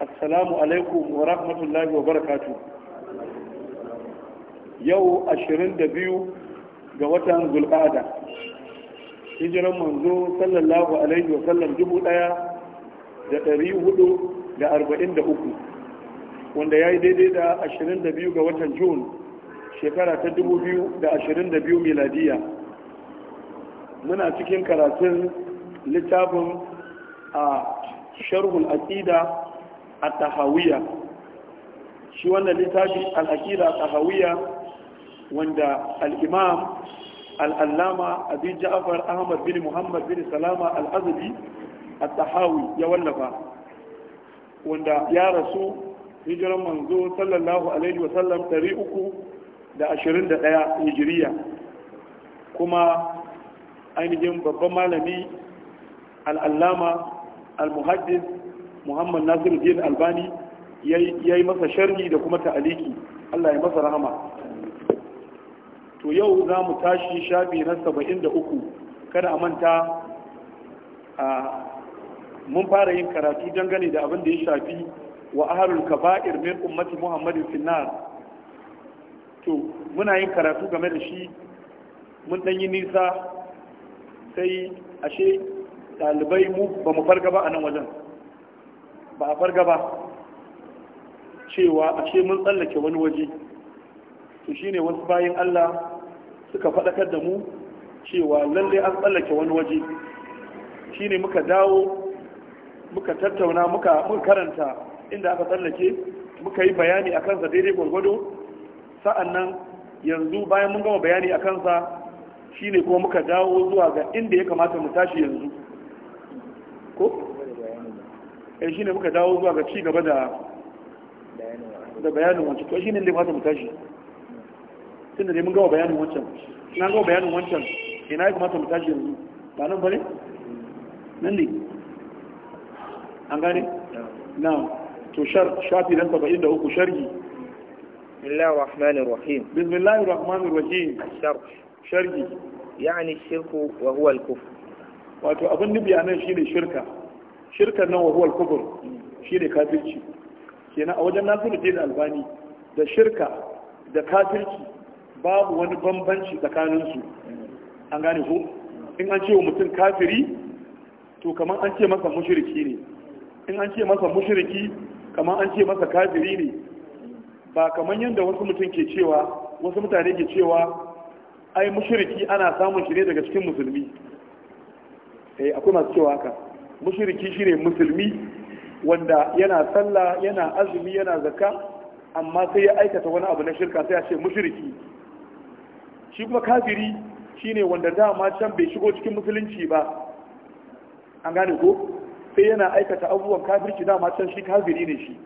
assalamu alaikum wa rahmatullahi wa barakatu yau ashirin da biyu ga watan zulqa'ada hijiran manzo sallallahu alaihi wa sallam dubu ɗaya da ɗari hudu da arba'in da uku wanda ya yi daidai da ashirin da biyu ga watan jun shekara ta dubu biyu da da ashirin biyu miladiya muna cikin karatun littafin a sharhul aqida at shi wannan littafi al-aqida at wanda alimam imam abin ja'afar ahmad bin muhammad bin salama al'azabi azdi tahawi ya wallafa wanda ya rasu hijiran manzo sallallahu alaihi wa sallam 321 hijiriya kuma ainihin babban malami al'allama al-muhaddis muhammad nasiruddin albani ya yi masa sharhi da kuma ta'aliki allah ya masa rahama to yau za mu tashi shafi na saba'in da uku kada a manta a mun fara yin karatu dangane da abin da ya shafi wa aharul kaba'ir min ummati muhammadin finnar to muna yin karatu game da shi mun ɗan yi nisa sai ashe ɗalibai mu ba mu farga ba a nan wajen ba a farga ba cewa a ce mun tsallake wani waje to shine wasu bayan Allah suka faɗakar da mu cewa lallai an tsallake wani waje shine muka dawo muka tattauna muka karanta inda aka tsallake muka yi bayani a kansa daidai gwargwado sa'annan yanzu bayan mun gama bayani a kansa shine kuma muka dawo zuwa ga inda ya kamata mu tashi yanzu ko eh shine muka dawo zuwa ga ci gaba da da bayanin wancan to shine ne ba mu tashi tunda ne mun gawa bayanin wancan na gawa bayanin wancan ina ya kamata mutashi yanzu ba nan bane nan ne an gane na to shar shafi dan 73 sharhi بسم الله الرحمن الرحيم بسم الله الرحمن الرحيم الشرح شرحي يعني الشرك وهو الكفر wato abin nufi a nan shine shirka shirkan nan wa huwal kubur ne kafirci kenan a wajen Nasiruddin Albani da shirka da kafirci babu wani bambanci tsakanin su an gane ko in an ce wa mutum kafiri to kamar an ce masa mushriki ne in an ce masa mushriki kamar an ce masa kafiri ne ba kamar yadda wasu mutum ke cewa wasu mutane ke cewa ai mushriki ana samun shi ne daga cikin musulmi eh akwai masu cewa haka mushriki shine musulmi wanda yana sallah yana azumi yana zakka amma sai ya aikata wani abu na shirka sai a ce mushriki shi kuma kafiri shine wanda dama can bai shigo cikin musulunci ba an gane ko sai yana aikata abubuwan kafirci dama can shi kafiri ne shi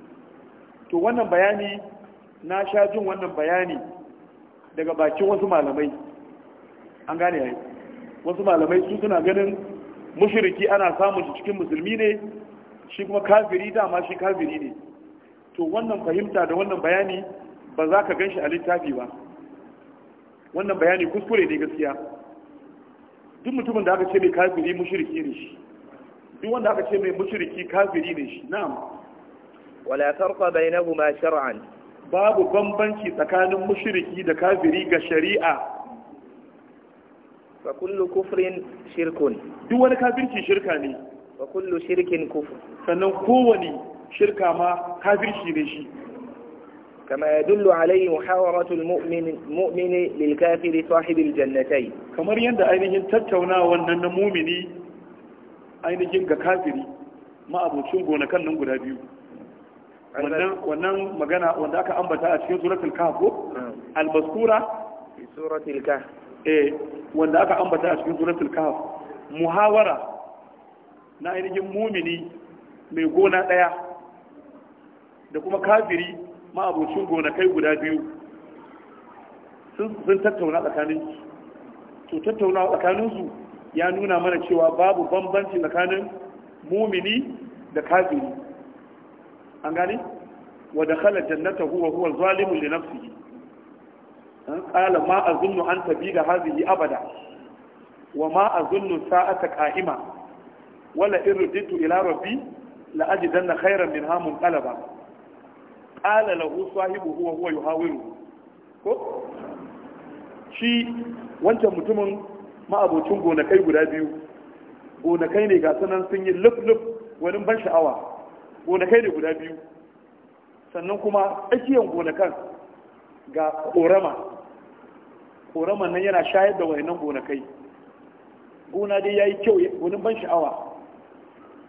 to wannan bayani na sha jin wannan bayani daga bakin wasu malamai an gane yayi wasu malamai su suna ganin mushriki ana samun shi cikin musulmi ne shi kuma kafiri dama shi kafiri ne to wannan fahimta da wannan bayani ba za ka ganshi a littafi ba wannan bayani kuskure ne gaskiya duk mutumin da aka ce mai kafiri mushriki ne shi duk wanda aka ce mai mushriki kafiri ne shi na'am wala tarqa bainahuma shar'an babu bambanci tsakanin mushriki da kafiri ga shari'a wa kullu kufrin shirkun duk wani kafirci shirka ne wa kullu shirkin kufur sannan kowane shirka ma kafirci ne shi kama yadullu alayhi muhawaratul mu'min mu'mini lil kafiri sahibil jannatai. kamar yadda ainihin tattaunawa wannan na mu'mini ainihin ga kafiri ma'abocin gonakan nan guda biyu wannan magana wanda aka ambata a cikin suratul kahf al-mazkura fi suratul kahf eh wanda aka ambata a cikin suratul kahf muhawara na ainihin mumini mai gona daya da kuma kafiri ma abocin gonakai guda biyu sun tattauna tsakanin to tattauna tsakanin su ya nuna mana cewa babu bambanci tsakanin mumini da kafiri an gane wa dakhala jannata huwa huwa zalimun li nafsihi qala ma azunnu an da hadhihi abada wa ma azunnu sa'ata qa'ima wala irjitu ila rabbi la ajidanna khayran minha munqalaba qala lahu sahibuhu huwa yuhawiru ko shi wancan mutumin ma'abocin gonakai guda biyu gonakai ne ga sanan sun yi luf-luf wani ban sha'awa gonakai ne guda biyu sannan kuma tsakiyar gonakan ga korama koraman nan yana shayar da wayannan gonakai gona dai ya yi kyau wani ban sha'awa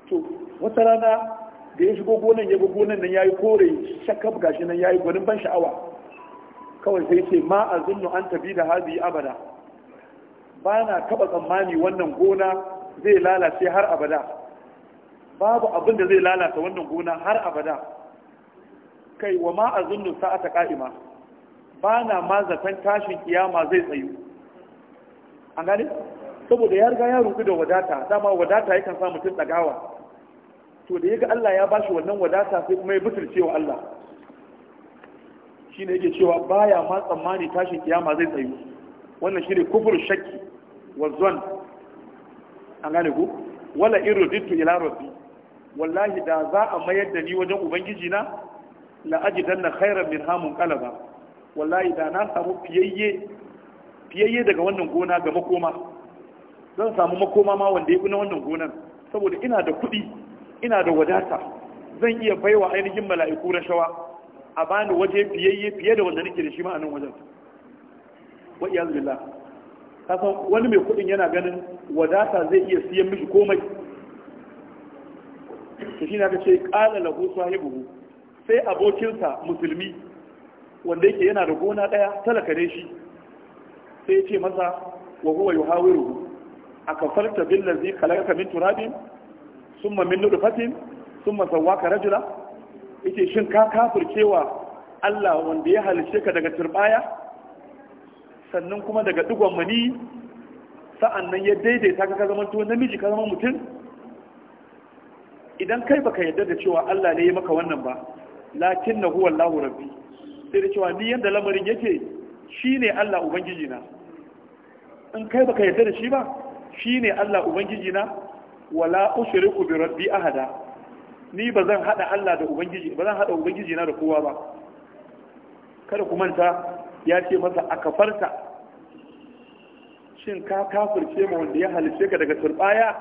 to wata rana da ya shigo gonan ya ga gonan nan ya yi kore shakaf gashi nan ya yi gwanin ban sha'awa kawai sai ce ma a zunnu an tafi da hazi abada ba na taba tsammani wannan gona zai lalace har abada babu abin da zai lalata wannan gona har abada kai wa ma a zunnu sa'ata ka'ima ba na ma zaton tashin kiyama zai tsayu an gane saboda ya riga ya rubu da wadata dama wadata yakan sa mutum tsagawa to da ya Allah ya bashi wannan wadata sai kuma ya butulce wa Allah shine yake cewa baya ma tsammani tashin kiyama zai tsayu wannan shine kufur shakki wa zon an gane ku wala iruditu ila rabbi wallahi da za a mayar da ni wajen ubangiji na la ajidanna khairan min hamun qalaba wallahi da na samu fiyayye fiyayye daga wannan gona ga makoma zan samu makoma ma wanda ya fi na wannan gonan saboda ina da kuɗi ina da wadata zan iya baiwa ainihin mala'iku shawa a bani waje fiyayye fiye da wanda nake da shi ma a nan wajen wa iyaz kasan wani mai kuɗin yana ganin wadata zai iya siyan mishi komai shi na ka ce qala lahu sahibu sai abokinsa musulmi wanda yake yana da gona ɗaya talaka ne shi sai ce masa wa huwa yuhawiru farta bil billazi khalaqaka min turabin thumma min nutfatin thumma sawwaka rajula yace shin ka kafircewa Allah wanda ya halice ka daga turbaya sannan kuma daga digon mani sa'annan ya daidaita ka ka zama to namiji ka zama mutum idan kai baka yarda da cewa Allah ne ya maka wannan ba lakin huwa Allahu rabbi sai da cewa ni yadda lamarin yake shine Allah ubangiji na in kai baka yarda da shi ba shine Allah ubangiji na wala ku bi rabbi ahada ni ba zan hada Allah da ubangiji ba zan hada ubangiji na da kowa ba kada ku manta ya ce masa a kafarta. shin ka kafirce ma wanda ya halice ka daga turbaya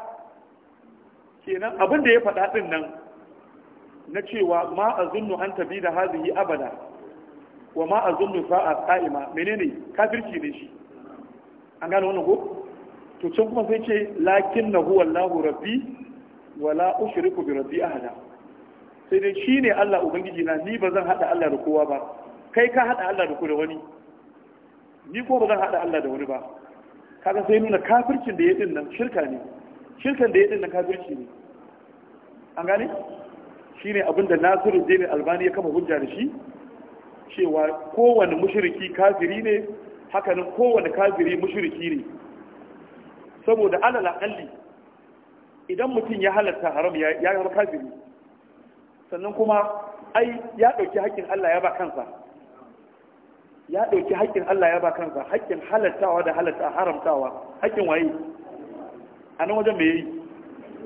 kenan abin da ya faɗa ɗin nan na cewa ma azunnu an tabi da hazihi abada wa ma azunnu sa'a qa'ima menene kafirci ne shi an gane wannan ko to can kuma sai ce lakinna huwa Allahu rabbi wala ushriku bi rabbi ahada sai dai shine Allah ubangiji na ni ba zan hada Allah da kowa ba kai ka hada Allah da kowa da wani ni ko ba zan hada Allah da wani ba kaga sai nuna kafircin da ya din nan shirka ne shirkan da ya din nan kafirci ne an gane shine abinda Nasiru Dini Albani ya kama hujja da shi cewa kowane mushriki kafiri ne hakanan kowane kafiri mushriki ne saboda alal akalli idan mutum ya halatta haram ya zama kafiri sannan kuma ai ya ɗauki haƙƙin Allah ya ba kansa ya dauki haƙƙin Allah ya ba kansa haƙƙin halattawa da halatta haramtawa haƙƙin waye a nan wajen me yi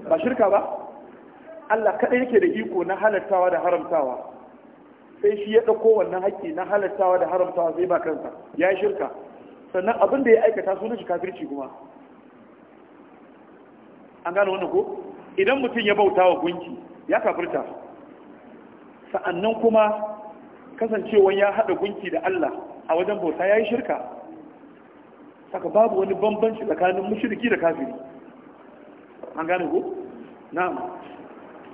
ba shirka ba Allah kaɗai yake da iko na halattawa da haramtawa sai shi ya ɗauko wannan haƙƙi na halattawa da haramtawa sai ba kansa ya yi shirka sannan abin da ya aikata sunan shi kafirci kuma an gano wannan ko idan mutum ya bauta wa gunki ya kafirta sa'annan kuma kasancewa ya haɗa gunki da Allah a wajen bauta ya yi shirka saka babu wani bambanci tsakanin mushriki da kafiri an gane ko na'am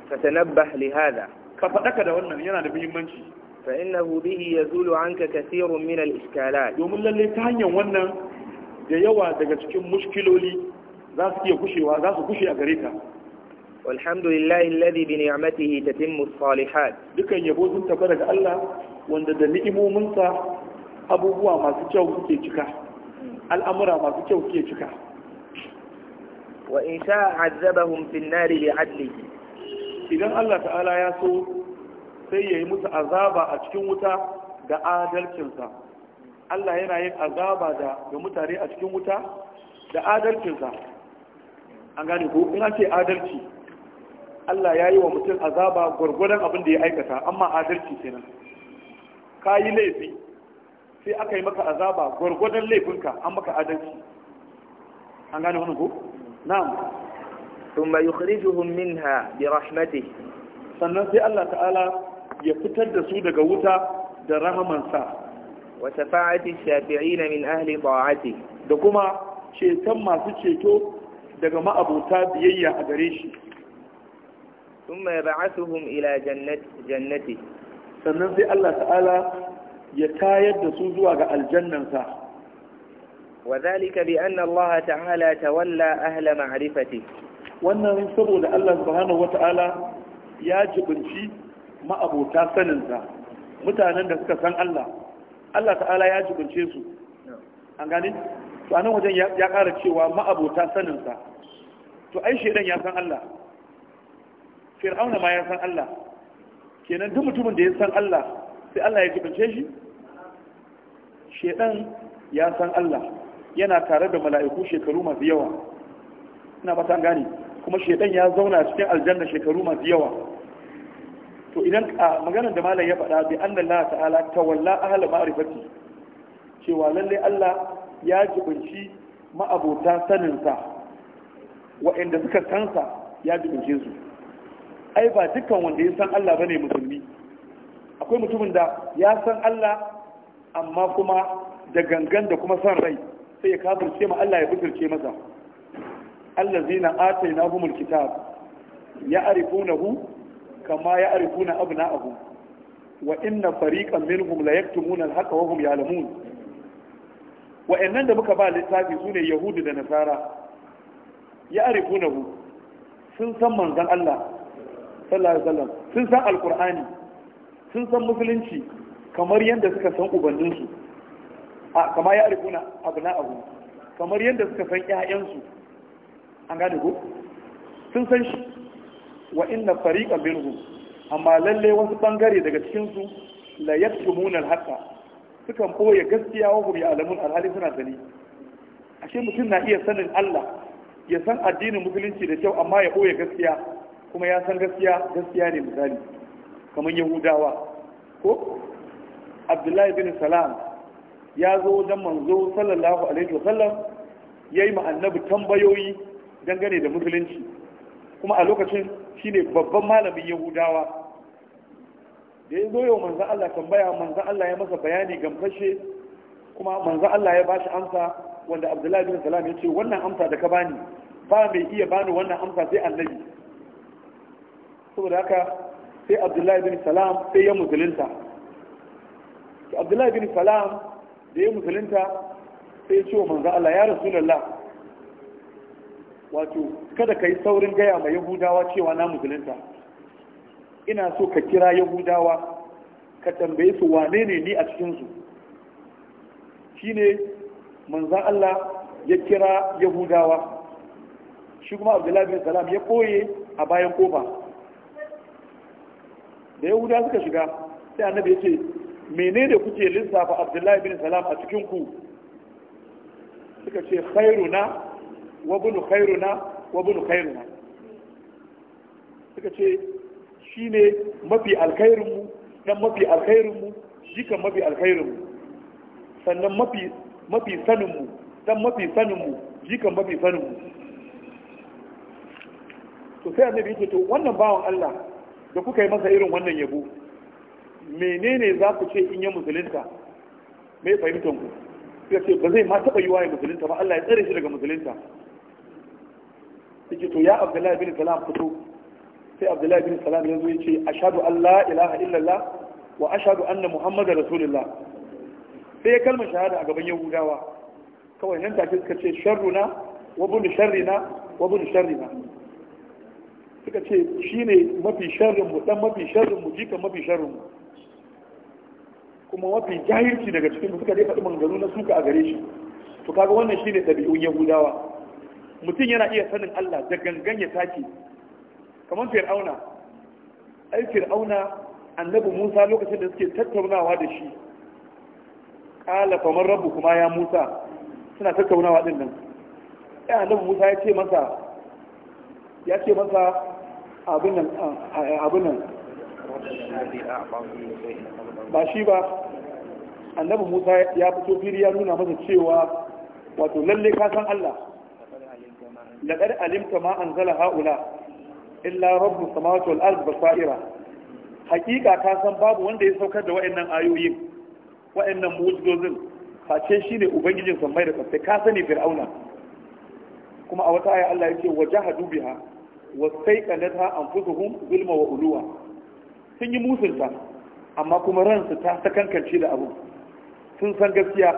fatanabbah li hada ka faɗaka da wannan yana da muhimmanci fa innahu bihi yazulu anka kathirun min al-iskalat domin lallai ta hanyar wannan da yawa daga cikin muskiloli za su iya kushewa za su kushe a gare ka walhamdulillahi alladhi bi ni'matihi tatimmu as-salihat dukan yabo sun tabbata daga Allah wanda da ni'imominsa abubuwa masu kyau suke cika al'amura masu kyau suke cika wa in sha'a azabahum fi an-nari idan Allah ta'ala ya so sai ya yi musu azaba a cikin wuta da adalcinsa Allah yana yin azaba da ga mutane a cikin wuta da adalcinsa an gane ko in ce adalci Allah ya yi wa mutum azaba gwargwadon abin da ya aikata amma adalci kenan ka yi laifi sai aka yi maka azaba gwargwadon laifinka an maka adalci an gane wani ko na'am ثم يخرجهم منها برحمته sannan sai Allah ta'ala ya fitar da su daga wuta da rahamansa wa shafa'ati shafi'in min ahli ta'ati da kuma ceton masu ceto daga ma'abota biyayya a gare shi thumma yab'athuhum ila jannati jannati sannan sai Allah ta'ala ya tayar da su zuwa ga aljannansa wa dhalika bi anna Allah ta'ala tawalla ahla ma'rifatihi wannan saboda Allah subhanahu wata'ala ya jibinci ma'abota saninsa mutanen da suka san Allah Allah ta'ala ya jibince su an gane to anan wajen ya ƙara cewa ma'abota saninsa to ai shedan ya san Allah fir'auna ma ya san Allah kenan duk mutumin da ya san Allah sai Allah ya jibince shi shedan ya san Allah yana tare da mala'iku shekaru masu yawa ina ba ta gane kuma shedan ya zauna cikin aljanna shekaru masu yawa to idan a maganar da malam ya faɗa bi an lalata ta'ala tawalla ahla ma'rifati cewa lallai Allah ya jibinci ma'abota saninsa wa'inda suka sansa ya jibince su ai ba dukkan wanda ya san Allah ba bane musulmi akwai mutumin da ya san Allah amma kuma da gangan da kuma san rai sai ya kafirce ma Allah ya fitarce masa na allazina atainahumul kitab hu? kama ya abu na abu. wa inna fariqan minhum la yaktumuna al-haqqa wa hum Wa wa'annan da muka ba littafi su ne yahudu da nasara Ya hu? sun san manzan Allah sallallahu alaihi wasallam sun san alqur'ani sun san musulunci kamar yadda suka san ubanninsu kama ya abu na abu. kamar yadda suka san 'ya'yansu an gane ku sun san shi wa inna fariqan minhum amma lalle wasu bangare daga cikin su la yaktumuna al-haqa sukan boye gaskiya wa hum ya'lamun alhali suna sani ashe mutum na iya sanin Allah ya san addinin musulunci da kyau amma ya boye gaskiya kuma ya san gaskiya gaskiya ne misali kamar yahudawa ko abdullahi bin salam ya zo dan manzo sallallahu alaihi wasallam ya yi annabi tambayoyi dangane da musulunci kuma a lokacin shi ne babban malamin yahudawa da ya zo yau manzan Allah tambaya manzan Allah ya masa bayani gamfashe kuma manzan Allah ya bashi amsa wanda Abdullahi bin Salam ya ce wannan amsa da ka bani ba mai iya bani wannan amsa sai annabi saboda haka sai Abdullahi bin Salam sai ya musulunta Abdullahi bin Salam da ya musulunta sai ya ce wa manzan Allah ya Rasulullah wato kada ka yi saurin gaya ma yahudawa cewa na musulunta ina so ka kira yahudawa ka tambaye su wane ne ni a cikinsu ne manzan Allah ya kira yahudawa shi kuma abdullahi bin salam ya koye a bayan kofa da yahuda suka shiga sai annabi ya ce da kuke lissafa abdullahi bin salam a cikinku suka ce khairuna wa bunu khairuna wa bunu khairuna suka ce shine mafi mu, dan mafi mu, jikan mafi mu. sannan mafi mafi saninmu dan mafi saninmu jikan mafi saninmu to sai annabi yake to wannan bawan Allah da kuka yi masa irin wannan yabo menene za ku ce in ya musulunta mai fahimtar ku suka ce ba zai ma taɓa yi waye musulunta ba Allah ya tsare shi daga musulunta yake to ya abdullahi bin salam fito sai abdullahi bin salam ya zo ya ce ashadu an la ilaha illallah wa ashadu anna Muhammadu rasulullah sai ya kalmar shahada a gaban yahudawa kawai nan take suka ce sharruna wa bin sharrina wa bin sharrina suka ce shine mafi sharrin mu dan mafi sharrin mu jika mafi sharrin mu kuma mafi jahilci daga cikin suka dai faɗi maganganu na suka a gare shi to kaga wannan shine dabi'un yahudawa mutum yana iya sanin Allah da gangan ya sake. kamar fir'auna ai fir'auna annabi Musa lokacin da suke tattaunawa da shi qala rabbu kuma ya Musa suna tattaunawa din nan ai annabi Musa ya ce masa ya ce masa abin nan abin nan ba shi ba annabi Musa ya fito fili ya nuna masa cewa wato lalle ka san Allah laqad alimta ma anzala haula illa rabbus samawati wal ardi basaira hakika ka san babu wanda ya saukar da wayannan ayoyin wayannan mu'jizozin face shine ubangijin sammai da kasai ka sani fir'auna kuma a wata aya Allah yake wajahadu biha wastaiqanatha anfusuhum zulma wa uluwa sun yi musulta amma kuma ransu ta sakankance da abu sun san gaskiya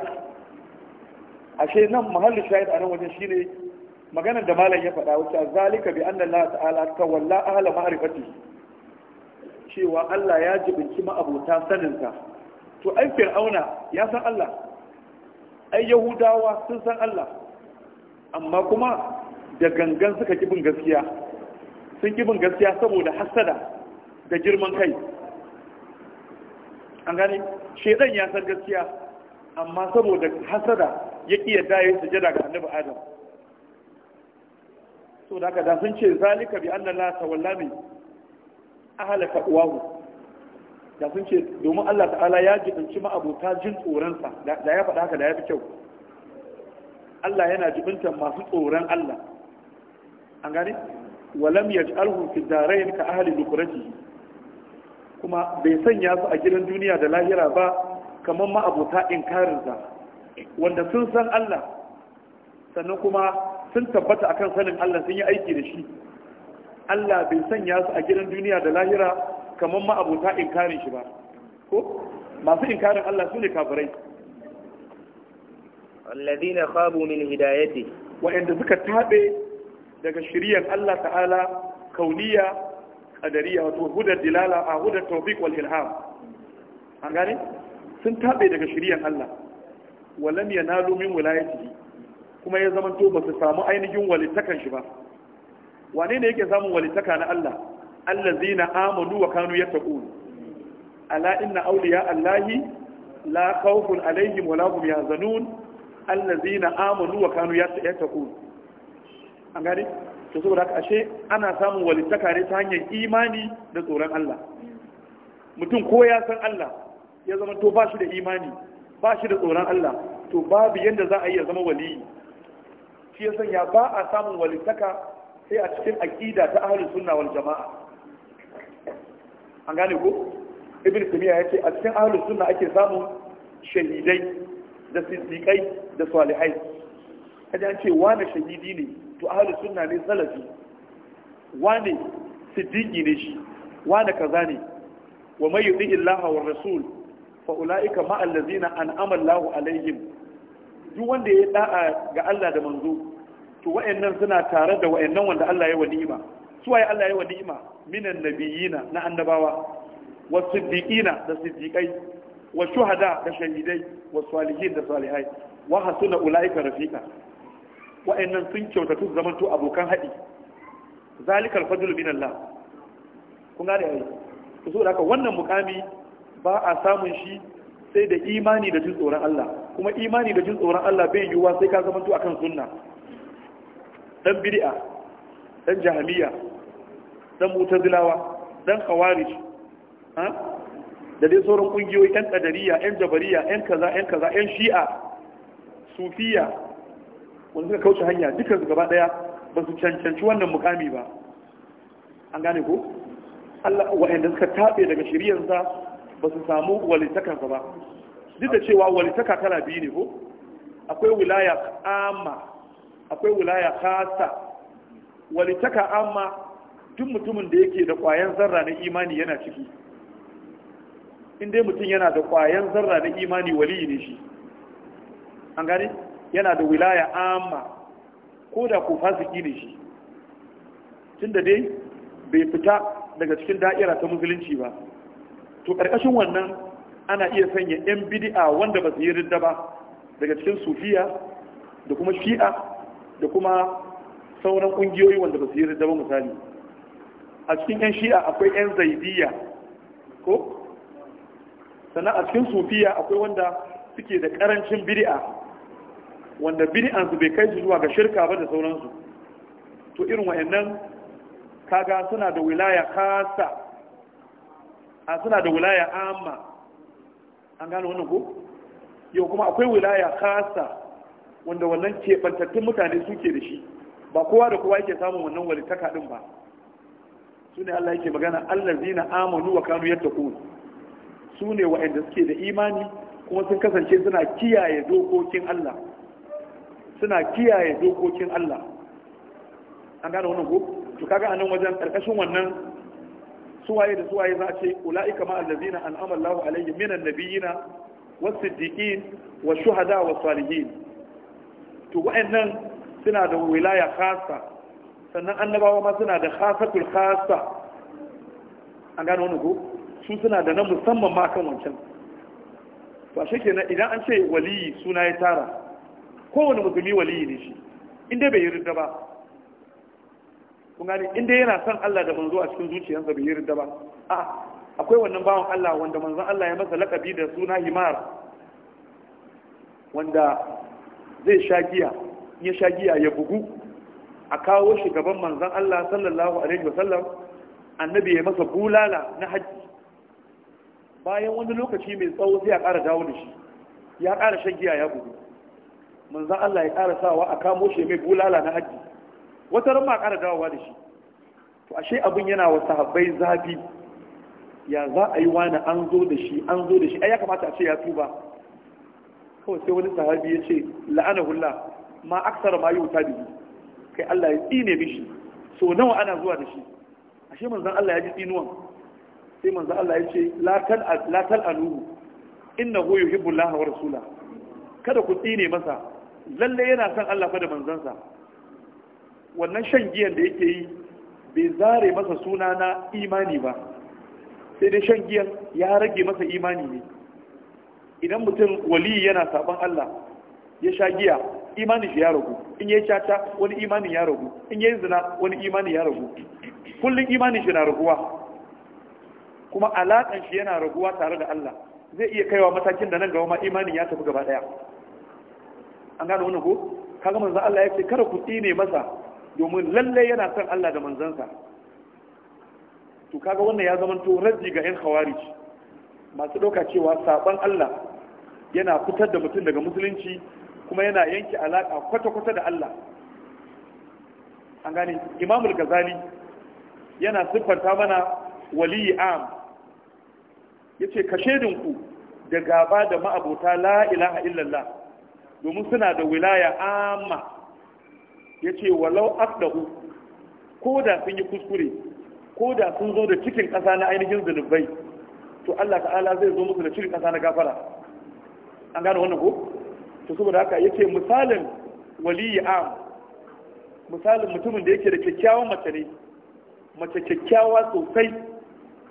ashe nan muhallin shahid a nan wajen shine maganar da malam ya faɗa wuce zalika bi anna Allah ta'ala walla ahla ma'rifati cewa Allah ya jibinci ma'abota saninsa to ai fir'auna ya san Allah ai yahudawa sun san Allah amma kuma da gangan suka kibin gaskiya sun kibin gaskiya saboda hasada da girman kai an gane shedan ya san gaskiya amma saboda hasada ya ƙi yadda ya sujada ga annabi adam so da haka sun ce zalika bi anna la tawalla min ahla taqwahu da sun ce domin Allah ta'ala ya jibinci ma'abota jin tsoronsa da ya faɗa haka da ya fi kyau Allah yana jibintar masu tsoron Allah an gane walam yaj'alhu fi darayn ka ahli dukurati kuma bai sanya su a gidan duniya da lahira ba kamar ma'abota inkarinsa wanda sun san Allah sannan kuma sun tabbata akan sanin Allah sun yi aiki da shi Allah bai sanya su a gidan duniya da lahira kamar ma abota inkarin shi ba ko masu inkarin Allah su ne kafirai alladhina khabu min hidayati Wa wa'anda suka tabe daga shiriyar Allah ta'ala kauniya qadariya wato hudar dilala a hudar tawfiq wal ilham an gane sun tabe daga shiriyar Allah walam yanalu min wilayatihi kuma ya zama to ba su samu ainihin walittakan shi ba wane ne yake samun walittaka na Allah na amanu wa kanu yattaqun ala inna auliya allahi la khawfun alaihim wa ya zanun. allazi na amanu wa kanu yattaqun an gani to saboda haka ashe ana samun walittaka ne ta hanyar imani da tsoron Allah mutum ko ya san Allah ya zama to ba shi da imani ba shi da tsoron Allah to babu yanda za a yi ya zama waliyi shi ya sanya ba a samun walittaka sai a cikin aƙida ta ahalin sunna wal jama'a an gane ku ibn tumiya ya ce a cikin ahalin sunna ake samun shahidai da siddiƙai da salihai kaji an ce wane shahidi ne to ahalin sunna ne salafi wane siddiƙi ne shi wane kaza ne wa mai yuɗi illaha wa rasul fa ula'ika ma'allazina an amallahu alaihim duk wanda ya da'a ga Allah da manzo to wayannan suna tare da wayannan wanda Allah ya wadima su waye Allah ya wadima ni'ima minan nabiyina na annabawa wa siddiqina da siddiqai wa shuhada da shahidai wa salihin da salihai wa hasuna ulaika rafiqa wayannan sun kyautatu zamanto abokan haɗi zalikal fadl min Allah kun da ai to saboda haka wannan mukami ba a samun shi sai da imani da jin tsoron Allah kuma imani da jin tsoron Allah bai yiwuwa sai ka zamanto kan sunna dan bidi'a dan jahiliya dan mutar dan ɗan da dai sauran ƙungiyoyi, yan ƙadariya yan jabariya yan kaza yan kaza yan shi'a sufiya wanda suka kauce hanya dukkan su gaba ɗaya, ba su cancanci wannan mukami ba an gane ko Allah wa'anda suka tabe daga shiriyarsa ba su samu walittakansa ba duk da cewa walitaka kala biyu ne ko akwai wilaya amma akwai wilaya khasa walitaka amma duk mutumin da yake da ƙwayan zarra na imani yana ciki in dai mutum yana da ƙwayan zarra na imani wali ne shi an gani yana da wilaya amma ko da ku fasiki ne shi tun da dai bai fita daga cikin da'ira ta musulunci ba to ƙarƙashin wannan ana iya sanya yan bidi'a wanda ba su yi ridda ba daga cikin sufiya da kuma shi'a da kuma sauran kungiyoyi wanda ba su yi ridda ba misali a cikin yan shi'a akwai yan zaidiya ko sannan a cikin sufiya akwai wanda suke da karancin bidi'a wanda su bai kai su zuwa ga shirka ba da sauransu to irin wa'annan kaga suna da wilaya kasa a suna da wilaya amma an gane wannan ko yau kuma akwai wilaya kasa wanda wannan keɓantattun mutane suke da shi ba kowa da kowa yake samun wannan walittaka din ba su ne Allah yake magana zina amonu wa kanu yadda ku su ne wa'anda suke da imani kuma sun kasance suna kiyaye dokokin Allah suna kiyaye dokokin Allah an gane wannan ko to kaga nan wajen karkashin wannan suwaye da suwaye za a ce ula'ika ma allazina an'ama Allahu alaihim minan nabiyina was-siddiqin wash-shuhada was-salihin to wa'annan suna da wilaya khassa sannan annabawa ma suna da khassatul khassa an gano ne ko su suna da na musamman ma kan wancan to shi kenan idan an ce waliyi suna ya tara kowane musulmi waliyi ne shi inda bai yi ridda ba kun in inda yana son Allah da manzo a cikin zuciyarsa bai yarda ba a akwai wannan bawon Allah wanda manzo Allah ya masa lakabi da suna himar wanda zai sha giya ya sha giya ya bugu a kawo shi gaban manzon Allah sallallahu alaihi wasallam annabi ya masa bulala na haji bayan wani lokaci mai tsawo sai ya ƙara dawo da shi ya ƙara shan giya ya bugu manzon Allah ya ƙara sawa a kamo shi mai bulala na haji wata ran ba ƙara dawowa da shi to ashe abin yana wa sahabbai zafi ya za a yi wani an zo da shi an zo da shi ai ya kamata a ce ya tuba kawai sai wani sahabi ya ce la'ana hulla ma aksara ma da shi kai Allah ya tsine mishi so nawa ana zuwa da shi ashe manzon Allah ya ji tsinuwan sai manzon Allah ya ce la tal la innahu yuhibbu Allah wa rasula kada ku tsine masa lalle yana son Allah fa da manzansa wannan shan giyan da yake yi bai zare masa suna na imani ba sai dai shan giyan ya rage masa imani ne idan mutum wali yana sabon Allah ya sha giya imanin shi ya ragu in ya caca wani imanin ya ragu in ya yi zina wani imanin ya ragu kullum imanin shi na raguwa kuma alaƙan shi yana raguwa tare da Allah zai iya kaiwa matakin da nan gaba ma imanin ya tafi gaba daya an gano wannan ko kaga manzo Allah ya ce kada ku tsine masa domin lalle yana son Allah da manzansa to kaga wannan ya zama to raddi ga yan khawarij masu ɗauka cewa saban Allah yana fitar da mutum daga musulunci kuma yana yanke alaka kwata-kwata da Allah an gane imamul gazali yana siffanta mana waliyi am ya ce ka shaidinku da gaba da ma'abota la ilaha illallah domin suna da wilaya amma ya ce walau asdahu ko da sun yi kuskure ko da sun zo da cikin ƙasa na ainihin zunubai to Allah ta'ala zai zo musu da cikin ƙasa na gafara an gane wannan ko to saboda haka yake misalin waliyi am misalin mutumin da yake da kyakkyawan mace ne mace kyakkyawa sosai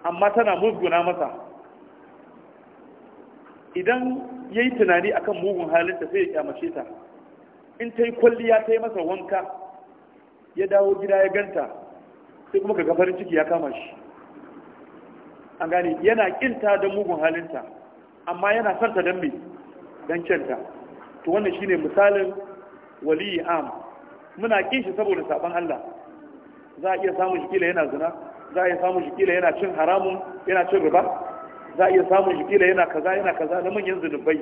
amma tana musguna masa idan yayi tunani akan mugun halin da sai ya kyamace ta in ta yi kwalliya ta yi masa wanka ya dawo gida ya ganta sai kuma ka farin ciki ya kama shi an gane yana kinta don mugun halinta amma yana son ta don mai don kyanta to wannan shine misalin waliyi am muna kin shi saboda saban Allah za a iya samun shi kila yana zina za a iya samun shi kila yana cin haramun yana cin riba za a iya samun shi kila yana kaza yana kaza na manyan zunubai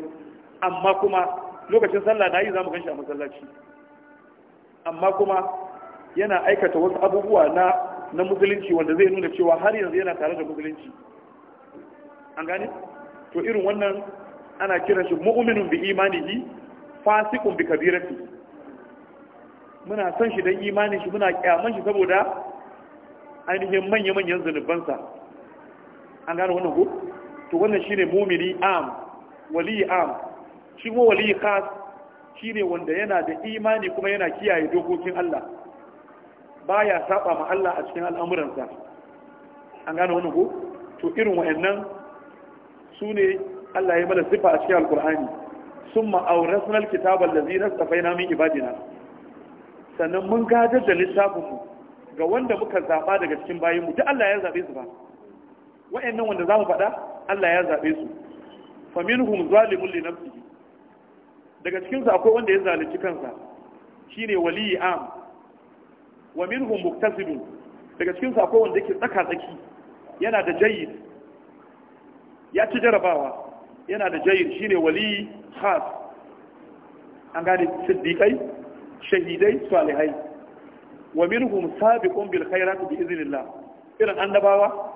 amma kuma lokacin sallah na yi za mu gan shi a masallaci amma kuma yana aikata wasu abubuwa na na musulunci wanda zai nuna cewa har yanzu yana tare da musulunci an gane to irin wannan ana kiran shi mu'minun bi imanihi fasikun bi kabirati muna son shi dan imanin shi muna kyaman shi saboda ainihin manya-manyan zunubansa an gane wannan ko to wannan shine mumini am wali am shi mu wali khas ne wanda yana da imani kuma yana kiyaye dokokin Allah baya saba ma Allah a cikin al'amuransa an gane wannan ko to irin wayannan ne Allah ya mana sifa a cikin alqur'ani summa awrasna alkitaba allazi nastafaina min ibadina sannan mun gadar da littafin mu ga wanda muka zaba daga cikin bayin mu duk Allah ya zabe su ba wayannan wanda zamu faɗa Allah ya zabe su faminhum zalimun li nafsihi daga cikinsu akwai wanda ya zalunci kansa shine waliyi am wa minhum muktasidun daga cikinsu akwai wanda yake tsaka tsaki yana da jayyid ya ci jarabawa yana da jayyid shine waliyi khas an gane siddiqai shahidai salihai wa minhum sabiqun bil khairati bi idhnillah irin annabawa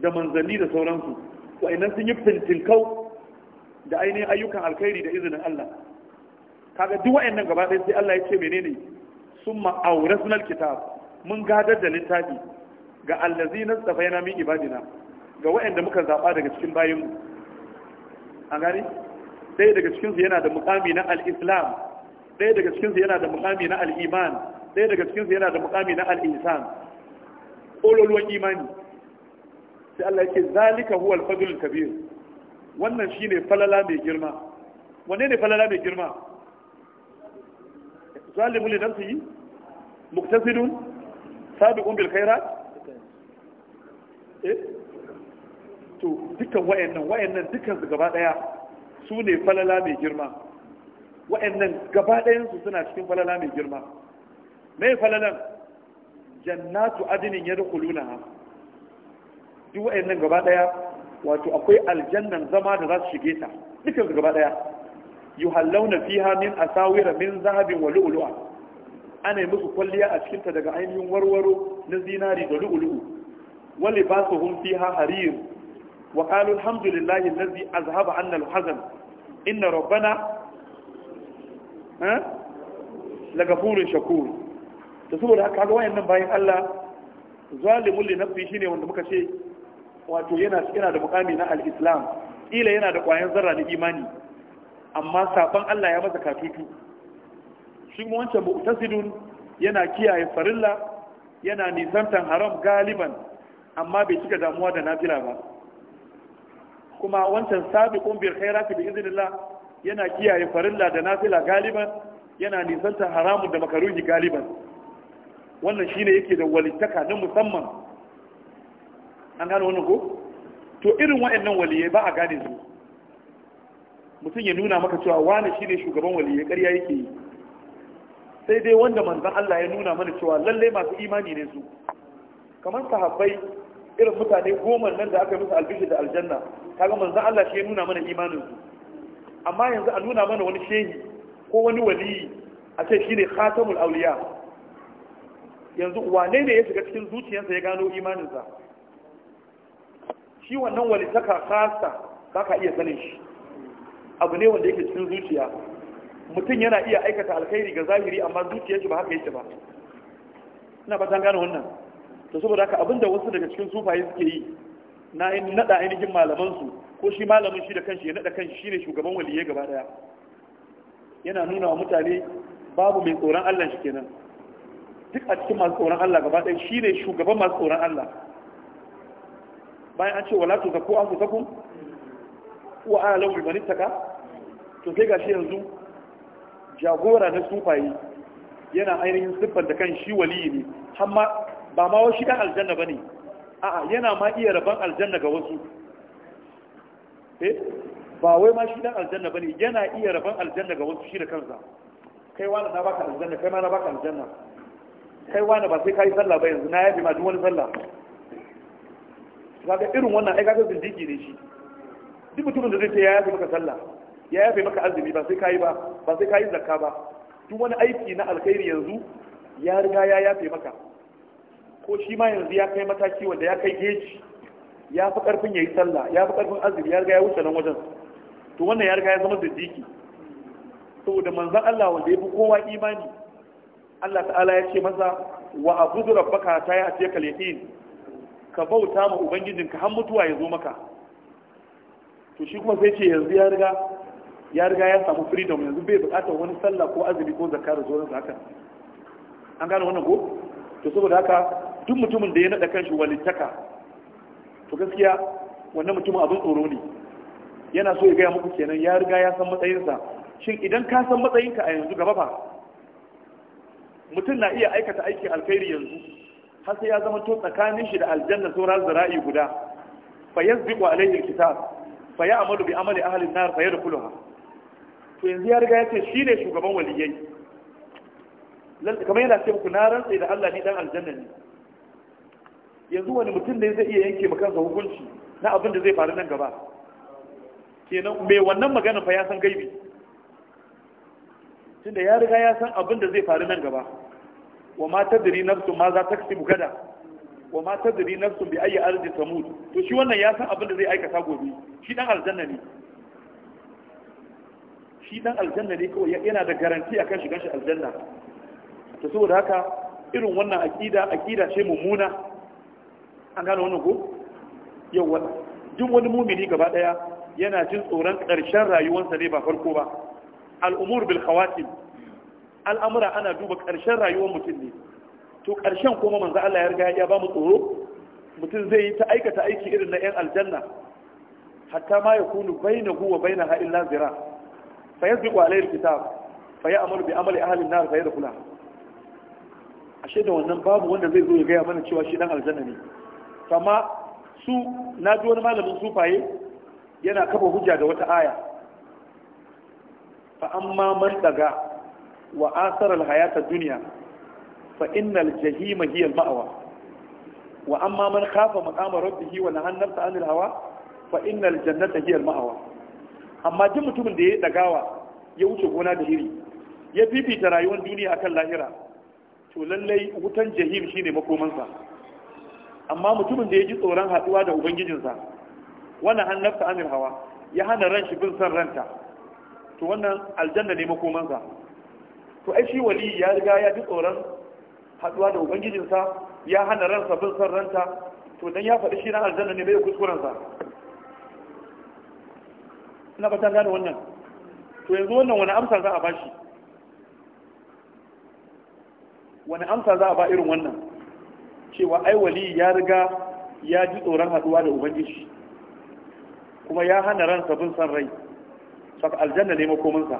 da manzanni da sauransu wa'annan sun yi fintinkau da ainihin ayyukan alkhairi da izinin Allah kaga duk wayannan gaba ɗaya sai Allah ya ce menene summa awrasnal kitab mun gadar da littafi ga allazina safaina min ibadina ga wayanda muka zaba daga cikin bayinmu an gani ɗaya daga cikin su yana da muqami na al-islam ɗaya daga cikin su yana da muqami na al-iman ɗaya daga cikin su yana da muqami na al-ihsan ololuwan imani sai Allah ya ce zalika huwa fadlul kabir wannan shi ne falala mai girma wanne ne falala mai girma zalimu su yi muktasidun sabi umbil kaira eh to dukkan wayannan wayannan dukkan su gaba daya su ne falala mai girma wayannan gaba dayan su suna cikin falala mai girma mai falalan jannatu adinin yadkhulunaha duk wayannan gaba daya wato akwai aljannan zama da za su shige ta dukkan su gaba daya yuhallawna fiha min asawira min zahabin wa lu'lu'a ana musu kwalliya a cikin ta daga ainihin warwaro na zinari da lu'lu'u wa libasuhum fiha harir wa qalu alhamdulillahi allazi azhaba 'anna al-hazan inna rabbana ha eh, lagafurun shakur to saboda haka ga wayannan bayan Allah zalimul li nafsi shine wanda muka ce wato yana yana da mukami na al-islam kila yana da ƙwayan zarra na imani amma sabon Allah ya masa katutu shi mu wancan mu'tasidun yana kiyaye farilla yana nisantan haram galiban amma bai cika damuwa da nafila ba kuma wancan sabiqun bil khairati bi idnillah yana kiyaye farilla da nafila galiban yana nisantan haramun da makaruhi galiban wannan shine yake da walittaka na musamman an gane wannan ko to irin waɗannan waliye ba a gane su mutum ya nuna maka cewa wani shine shugaban waliye ƙarya yake yi sai dai wanda manzan Allah ya nuna mana cewa lalle masu imani ne su kamar sahabbai irin mutane goma nan da aka musu albishi da aljanna kaga manzan Allah shi ya nuna mana imanin su amma yanzu a nuna mana wani shehi ko wani waliyi a ce ne khatamul auliya yanzu wane ne ya shiga cikin zuciyarsa ya gano imaninsa shi wannan walitaka kasa ba ka iya sanin shi abu ne wanda yake cikin zuciya mutum yana iya aikata alkhairi ga zahiri amma zuciyar shi ba haka yake ba ina ba tan gane wannan to saboda haka abinda wasu daga cikin sufaye suke yi na in nada ainihin malaman su ko shi malamin shi da kanshi ya nada kanshi shine shugaban waliyai gaba daya yana nuna wa mutane babu mai tsoron Allah shi kenan duk a cikin masu tsoron Allah gaba ɗaya shine shugaban masu tsoron Allah bayan an ce wala to zakku an kun wa ala lahu man ittaka to sai gashi yanzu jagora na sufayi yana ainihin siffar da kan shi waliyi ne Hamma ba ma wasu kan aljanna bane a'a yana ma iya rabon aljanna ga wasu eh ba wai ma shi dan aljanna bane yana iya rabon aljanna ga wasu shi da kansa kai wani na baka aljanna kai ma na baka aljanna kai wani ba sai kai sallah ba yanzu na yafi ma duk wani sallah kaga irin wannan ai kaga zindigi ne shi duk mutumin da zai ce ya yafe maka sallah ya yafe maka azumi ba sai kayi ba ba sai kayi zakka ba duk wani aiki na alkhairi yanzu ya riga ya yafe maka ko shi ma yanzu ya kai mataki wanda ya kai geji ya fi karfin yayi sallah ya fi karfin azumi ya riga ya wuce nan wajen to wannan ya riga ya zama zindigi saboda manzon Allah wanda ya fi kowa imani Allah ta'ala ya ce masa wa abudu rabbaka ta ya ce kal ka bauta ma ubangijinka har mutuwa ya zo maka to shi kuma sai ce yanzu ya riga ya riga ya samu freedom yanzu bai bukatar wani sallah ko azumi ko zakka da sauransu haka an gane wannan ko to saboda haka duk mutumin da ya nada kanshi walittaka to gaskiya wannan mutumin abin tsoro ne yana so ya gaya muku kenan ya riga ya san matsayinsa shin idan ka san matsayinka a yanzu gaba ba mutum na iya aikata aikin alkhairi yanzu har sai ya zama to tsakanin shi da aljanna saura zara'i guda fa yasbiqu alayhi alkitab fa ya'malu bi amali ahli an-nar fa yadkhuluha to yanzu ya riga ya ce shi ne shugaban waliyai kamar yana ce muku na rantsa da Allah ni dan aljanna ne yanzu wani mutum ne zai iya yanke maka ga hukunci na abin da zai faru nan gaba kenan me wannan magana fa ya san gaibi tunda ya riga ya san abin da zai faru nan gaba wa ma tadri nafsun ma za taksibu gada wa ma tadri nafsun bi ayi ardi tamut to shi wannan ya san abin da zai aikata gobe shi dan aljanna ne shi dan aljanna ne kawai yana da garanti akan shigan shi aljanna to saboda haka irin wannan aqida aqida ce mummuna an gano wannan ko yawa duk wani mumini gaba daya yana jin tsoron ƙarshen rayuwarsa ne ba farko ba al'umur bil khawatim al'amura ana duba ƙarshen rayuwar mutum ne to ƙarshen kuma manzo Allah ya riga ya ba mu tsoro mutum zai yi ta aikata aiki irin na 'yan aljanna hatta ma ya kunu baina huwa na haɗin lazira zira zai yasbiqu alayhi alkitab fa amalu bi amali ahalin an-nar da kula, ashe da wannan babu wanda zai zo ya gaya mana cewa shi dan aljanna ne amma su na ji wani malamin sufaye yana kafa hujja da wata aya fa amma man daga wa asar alhayata duniya fa innal jahima hiya al-ma'wa wa amma man khafa maqama rabbih wa nahana nafsa 'anil hawa fa innal jannata hiya al-ma'wa amma duk mutumin da ya dagawa ya wuce gona da iri ya fifita rayuwar duniya akan lahira to lallai wutan jahim shine makomansa amma mutumin da ya ji tsoron haduwa da ubangijinsa wannan hannarsa anil hawa ya hana ran shi bin san ranta to wannan aljanna ne makomansa to ai shi wali ya riga ya ji tsoron haduwa da ubangijinsa ya hana ransa bin san ranta to dan ya faɗi shi na aljanna ne bai kuskurensa. sa ina fatan gane wannan to yanzu wannan wani amsa za a bashi wani amsa za a ba irin wannan cewa ai wali ya riga ya ji tsoron haduwa da ubangiji kuma ya hana ransa bin san rai saka aljanna ne makominsa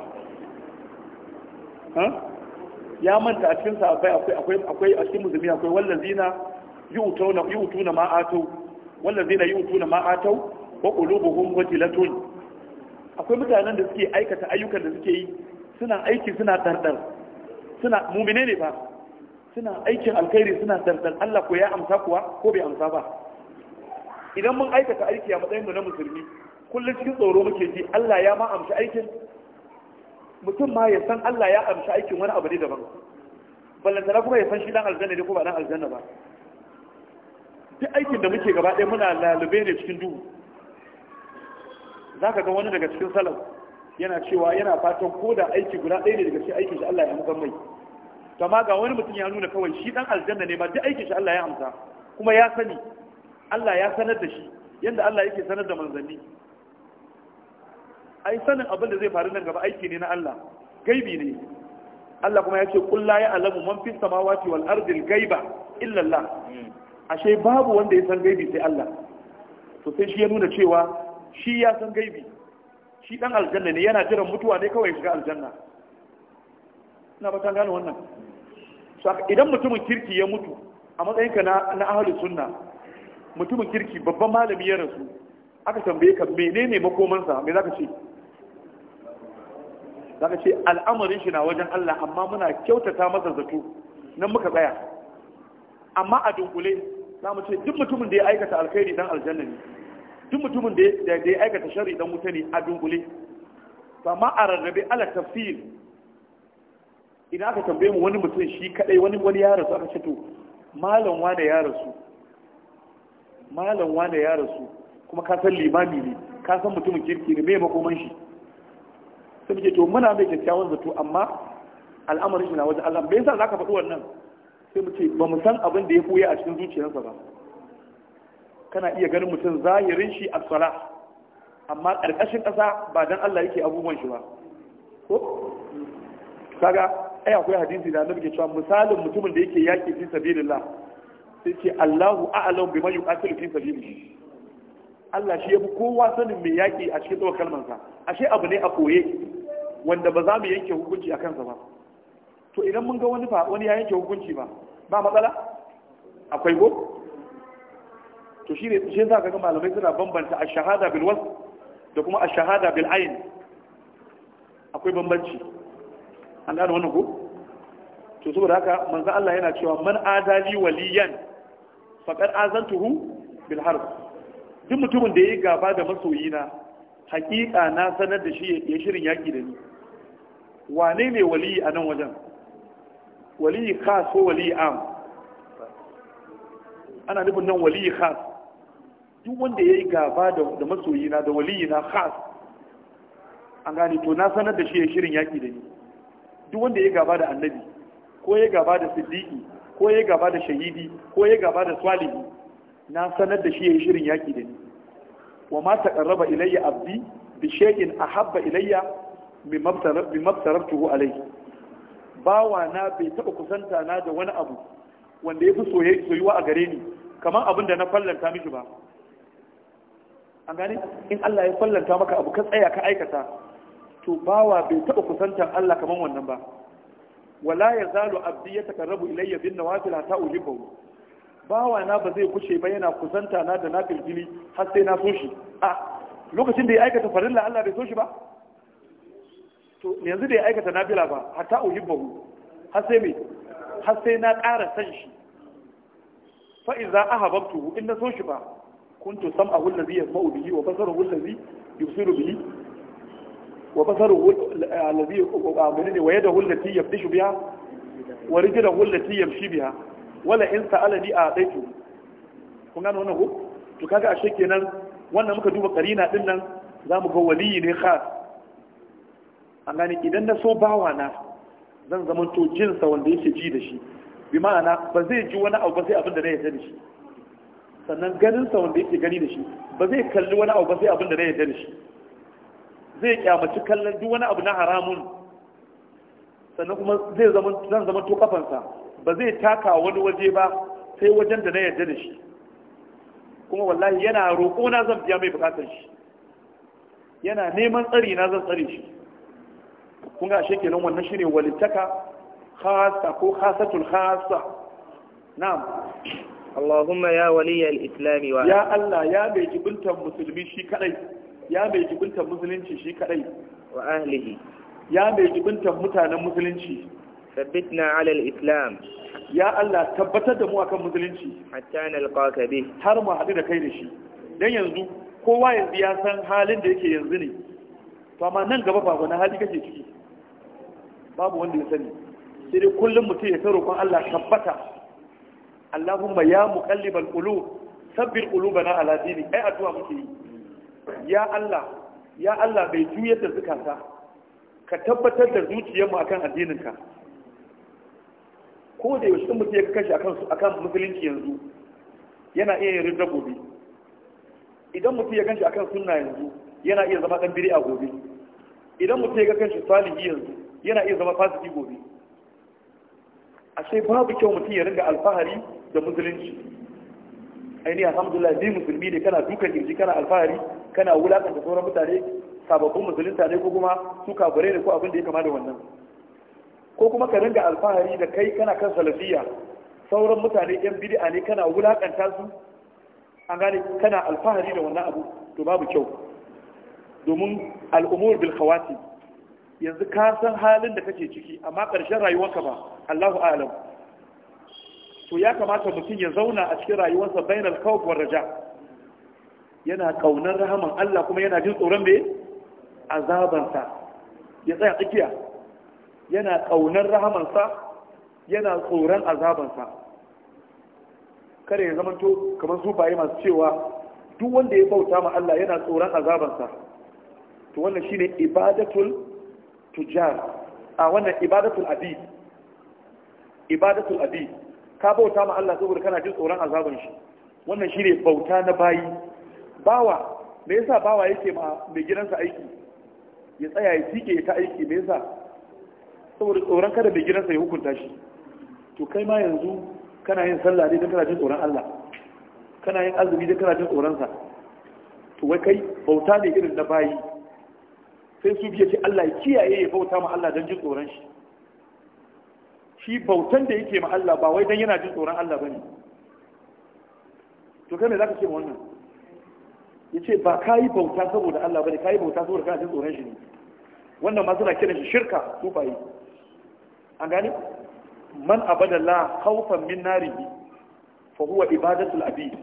ya manta a cikin sahabbai akwai akwai akwai a cikin musulmi akwai wallazina yu'tuna yu'tuna ma atau wallazina yu'tuna ma atau wa qulubuhum wajilatun akwai mutanen da suke aikata ayyukan da suke yi suna aiki suna dardar suna mumine ne ba suna aikin alkhairi suna dardar Allah ko ya amsa kuwa ko bai amsa ba idan mun aikata aiki a matsayin mu na musulmi kullum cikin tsoro muke ji Allah ya ma amsa aikin mutum ma ya san Allah ya amsa aikin wani abu ne daban ballantana kuma ya san shi dan aljanna ne ko ba dan aljanna ba duk aikin da muke gaba ɗaya muna lalube ne cikin duhu za ka ga wani daga cikin salaf yana cewa yana fatan ko da aiki guda ɗaya ne daga cikin aikin shi Allah ya amsa mai amma ga wani mutum ya nuna kawai shi dan aljanna ne ma duk aikin shi Allah ya amsa kuma ya sani Allah ya sanar da shi yadda Allah yake sanar da manzanni ai sanin abin da zai faru nan gaba aiki ne na Allah gaibi ne Allah kuma ya ce kulla ya alamu man fi samawati wal ardi al gaiba illa Allah hmm. ashe babu wanda ya san gaibi sai Allah to sai shi ya nuna cewa shi ya san gaibi shi dan aljanna ne yana jiran mutuwa ne kawai shiga aljanna ina ba ta gano wannan idan mutumin kirki ya mutu a matsayinka na na ahlus sunna mutumin kirki babban malami ya rasu aka tambaye ka menene makomansa me zaka ce zaka ce al'amarin shi na wajen Allah amma muna kyautata masa zato nan muka tsaya amma a dunkule za mu ce duk mutumin da ya aikata alkhairi dan aljanna ne duk mutumin da ya aikata shari dan wuta ne a dunkule amma a rarrabe ala tafsir idan aka tambaye mu wani mutum shi kadai wani wani ya rasu aka ce to malam wane ya rasu malam wane ya rasu kuma ka san limami ne ka san mutumin kirki ne me makoman shi sai muke to muna mai kyakkyawan zato amma al'amarin shi na wajen Allah bai san zaka faɗi wannan sai mu ce ba mu san abin da ya koya a cikin zuciyarsa ba kana iya ganin mutum zahirin shi a sala amma ƙarƙashin ƙasa ba dan Allah yake abubuwan shi ba ko kaga ai akwai hadisi da nabi ke cewa misalin mutumin da yake yaki fi sabilillah sai ce Allahu a'lamu bima yuqatilu fi sabilihi Allah shi yafi kowa sanin mai yaki a cikin tsawon kalmansa ashe abu ne a koye wanda ba za mu yanke hukunci a kansa ba to idan mun ga wani fa wani ya yanke hukunci ba ba matsala akwai go to shi ne shi za ka ga malamai suna bambanta a shahada bil was da kuma a shahada bil ayn akwai bambanci an gane wannan ko to saboda haka manzo Allah yana cewa man adali waliyan faqad azantuhu bil harb duk mutumin da yayi gaba da masoyina haƙiƙa na sanar da shi ya shirin yaƙi da ni wane ne waliyi a nan wajen waliyi khas ko waliyi am ana nufin nan waliyi khas duk wanda ya yi gaba da masoyina da na khas an gane to na sanar da shi ya shirin yaƙi da ni duk wanda ya gaba da annabi ko ya gaba da siddiƙi ko ya gaba da shahidi ko ya gaba da salihi na sanar da shi ya shirin yaƙi da ni wa ma taqarraba ilayya abdi bi shay'in ahabba ilayya bimabtarabtuhu alai bawa na bai taba kusanta na da wani abu wanda ya fi soyuwa a gare ni kamar abin da na fallanta miki ba an gane in Allah ya fallanta maka abu ka tsaya ka aikata to bawa bai taba kusanta Allah kamar wannan ba wala ya zalu abdi ya takarrabu ilayya bin nawafil hatta uhibbu bawa na ba zai kushe ba yana kusanta na da nafil gini har sai na so shi a lokacin da ya aikata farilla Allah bai so shi ba to yanzu da ya aikata nafila ba hatta uhibbahu har sai mai har sai na ƙara san shi fa idza ahabbtu in na so shi ba Kun a hulazi ya yasma'u bihi wa basaruhu allazi yusiru bihi wa basaruhu mini ne wa ya fi shi biya wa hulazi ya fi biya. wala in a a'taitu kun gano wannan hu to kaga ashe kenan wannan muka duba karina din nan za mu ga waliyi ne khas an gane idan na so bawa na zan zama to jinsa wanda yake ji da shi bi ma'ana ba zai ji wani abu ba sai abin da na yarda da shi sannan ganin sa wanda yake gani da shi ba zai kalli wani abu ba sai abin da na yarda da shi zai kyamaci kallon duk wani abu na haramun sannan kuma zai zama zan zama to kafansa ba zai taka wani waje ba sai wajen da na yarda da shi kuma wallahi yana roƙo na zan biya mai bukatar shi yana neman tsari na zan tsare shi kun ga shekenan wannan shine walittaka khassa ko khassatul khassa na'am Allahumma ya waliya al-islam wa ya Allah ya mai jibintar musulmi shi kadai ya mai jibintar musulunci shi kadai wa ahlihi ya mai jibintar mutanen musulunci sabbitna ala al-islam ya Allah tabbatar da mu akan musulunci hatta nalqaka bi. har mu haɗu da kai da shi dan yanzu kowa yanzu ya san halin da yake yanzu ne to amma nan gaba ba wani hali kake ciki babu wanda ya sani sai dai kullum mutum ya ta roƙon Allah tabbata Allahumma ya muqallibal qulub sabbir qulubana ala dini ai addu'a muke yi ya Allah ya Allah bai juyar da zukata ka tabbatar da zuciyarmu akan addininka ko da yaushe mutum ya kashe akan akan musulunci yanzu yana iya yin rinda gobe idan mutum ya ganshi akan sunna yanzu yana iya zama dan biri a gobe idan mutum ya ga kanshi salihi yanzu yana iya zama fasiki gobe ashe babu kyau mutum ya ringa alfahari da musulunci aini alhamdulillah zai musulmi ne kana dukan kirji kana alfahari kana da sauran mutane sababbin musulunta ne ko kuma su kafirai ne ko abin da ya kama da wannan ko kuma ka ringa alfahari da kai kana kan salafiya sauran mutane yan bid'a ne kana wulakanta su an gane kana alfahari da wannan abu to babu kyau domin al'umur Bilkawati, yanzu ka san halin da kake ciki amma ƙarshen rayuwarka ba Allahu a'lam to ya kamata mutum ya zauna a cikin rayuwarsa bainal khawf war raja yana ƙaunar rahaman Allah kuma yana jin tsoron mai azabansa ya tsaya tsakiya yana kaunar rahamansa yana tsoron azabansa kada ya zamanto kamar su masu cewa duk wanda ya bauta ma Allah yana tsoron azabansa to wannan shine ibadatul tujar a wannan ibadatul abi ibadatul abi ka bauta ma Allah saboda kana jin tsoron azaban shi wannan shine bauta na bayi bawa me yasa bawa yake ma mai gidansa aiki ya tsaya ya tike ta aiki me yasa saboda tsoron kada mai gidansa ya hukunta shi to kai ma yanzu kana yin sallah ne don kana jin tsoron Allah kana yin azumi don kana jin tsoron sa to wai kai bauta ne irin na bayi sai su biya ce Allah ya kiyaye ya bauta ma Allah don jin tsoron shi shi bautan da yake ma Allah ba wai don yana jin tsoron Allah bane to kai me ka ce wannan Ya ce ba ka yi bauta saboda Allah bane yi bauta saboda kana jin tsoron shi ne wannan ma suna kiran shi shirka yi. an gane man abada la khawfan min narihi fa huwa ibadatul abid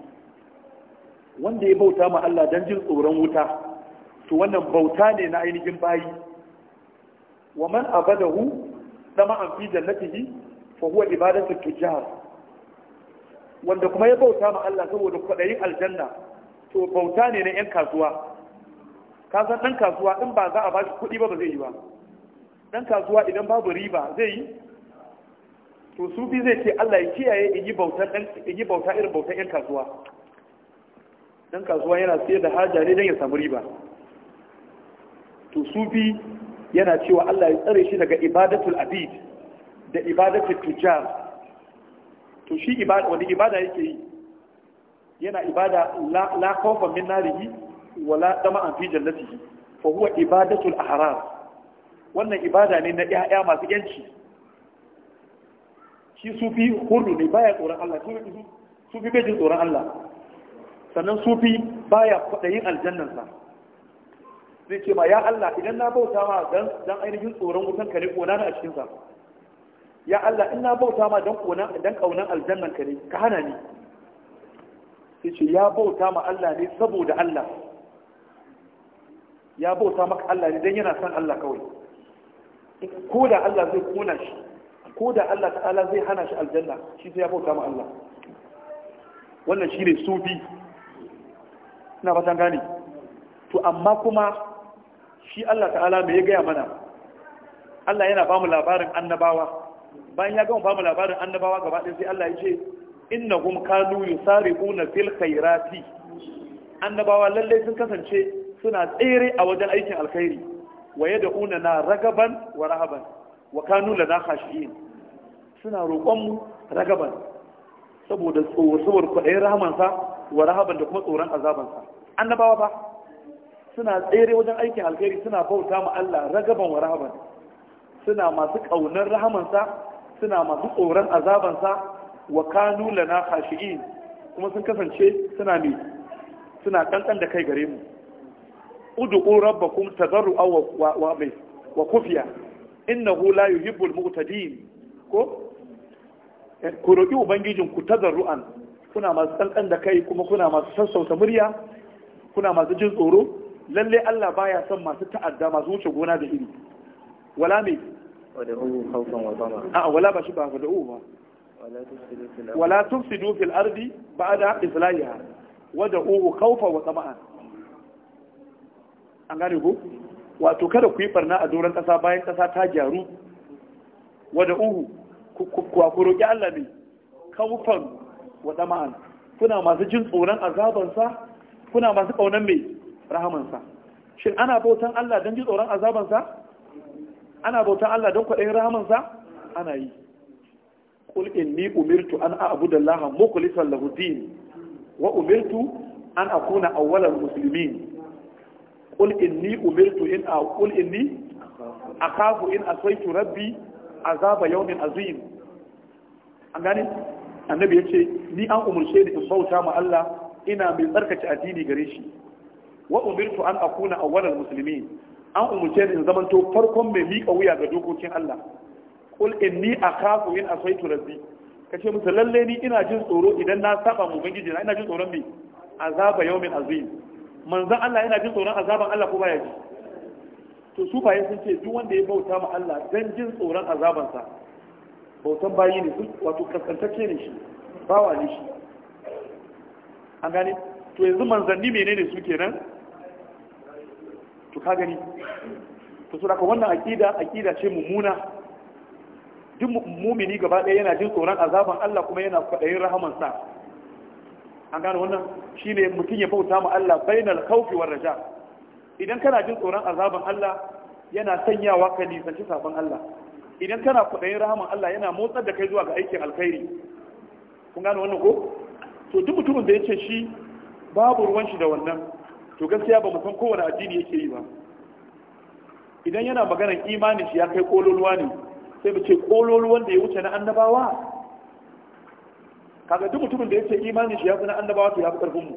wanda ya bauta ma Allah don jin tsoron wuta to wannan bauta ne na ainihin bayi wa man abadahu dama an fi jannatihi fa huwa ibadatu tujjar wanda kuma ya bauta ma Allah saboda kwadayin aljanna to bauta ne na yan kasuwa ka san dan kasuwa in ba za a bashi kuɗi ba ba zai yi ba dan kasuwa idan babu riba zai yi to su bi zai ce Allah ya kiyaye in yi bauta dan in yi bauta irin bautar yan kasuwa dan kasuwa yana sayar da haja ne dan ya samu riba to sufi yana cewa Allah ya tsare shi daga ibadatul abid da ibadatul tujjar to shi ibada wani ibada yake yi yana ibada la khawfa min narihi wala dama an fi jannatihi fa huwa ibadatul ahrar wannan ibada ne na ƴaƴa masu yanci shi sufi hurru ne baya tsoron Allah sufi bai jin tsoron Allah sannan sufi baya kwaɗayin aljannansa zai ce ma ya Allah idan na bauta ma dan ainihin tsoron wutan ka ne kona a cikin sa ya Allah in na bauta ma dan kona dan kaunan aljannan ka ne ka hana ni sai ce ya bauta ma Allah ne saboda Allah ya bauta maka Allah ne dan yana son Allah kawai ko da Allah zai kona shi ko da Allah ta'ala zai hana shi aljanna shi sai ya bauta ma Allah wannan shine sufi ina fatan gane to amma kuma shi Allah ta'ala mai ya gaya mana Allah yana ba mu labarin annabawa bayan ya gama ba mu labarin annabawa gaba ɗaya sai Allah ya ce innahum kanu yusariquna fil khairati annabawa lalle sun kasance suna tsere a wajen aikin alkhairi wa yad'una na ragaban wa rahaban wa kanu lana khashiyin suna roƙon mu ragaban saboda tsoro saboda kwaɗayin rahamansa wa rahaban da kuma tsoron azabansa annabawa ba suna tsere wajen aikin alkhairi suna bauta ma Allah ragaban wa rahaban suna masu kaunar rahamansa suna masu tsoron azabansa wa kanu lana khashi'in kuma sun kasance suna mi suna kankan da kai gare mu ud'u rabbakum tadarru'an wa wa wa kufiya innahu la yuhibbul mu'tadin ko eh, ku roki ubangijin ku an, kuna masu kankan da kai kuma kuna masu sassauta murya kuna masu jin tsoro lalle Allah baya son masu ta'adda masu wuce gona da iri wala me a wala ba shi ba da uwa wala tufsidu fil ardi ba'da islahiha wa da'uhu khawfa wa tama'an an gane ko wato kada ku yi barna a doron kasa bayan kasa ta gyaru wa da'uhu ku roki Allah ne khawfan wa tama'an kuna masu jin tsoron azabansa kuna masu kaunan mai rahamansa shin ana bautan Allah don ji tsoron azabansa ana bautan Allah don kwaɗayin rahamansa ana yi qul inni umirtu an a'budu Allah mukhlishan lahu din wa umirtu an akuna awwalal muslimin qul inni umirtu in a qul inni akhafu in asaitu rabbi azaba yawmin azim an gane annabi yace ni an umurce ni in bauta ma Allah ina mai tsarkace addini gare shi wa umirtu an akuna awwalal muslimin an umurce ni in to farkon mai miƙa wuya ga dokokin Allah qul inni akhafu in asaitu rabbi kace musu lalle ni ina jin tsoro idan na saba mu ubangiji na ina jin tsoron me azaba yawmin azim manzon Allah yana jin tsoron azaban Allah ko baya ji to su baye sun ce duk wanda ya bauta ma Allah dan jin tsoron azabansa bautan bayi ne wato kaskantacce ne shi bawa ne shi an gane to yanzu manzanni menene su kenan to ka gani to so daga wannan aqida aqida ce mummuna duk mumini gaba ɗaya yana jin tsoron azaban Allah kuma yana kwaɗayin rahaman sa an gane wannan shine mutum ya bauta ma Allah bainal khawfi war raja idan kana jin tsoron azaban Allah yana sanyawa ka nisanci sabon Allah idan kana kwaɗayin rahaman Allah yana motsar da kai zuwa ga aikin alkhairi kun gane wannan ko to duk mutumin da ya ce shi babu ruwan shi da wannan to gaskiya ba san kowane addini yake yi ba idan yana maganar imanin shi ya kai kololuwa ne sai mu ce kololuwan da ya wuce na annabawa kaga duk mutumin da ya ce imanin shi ya fi na annabawa to ya fi karfin mu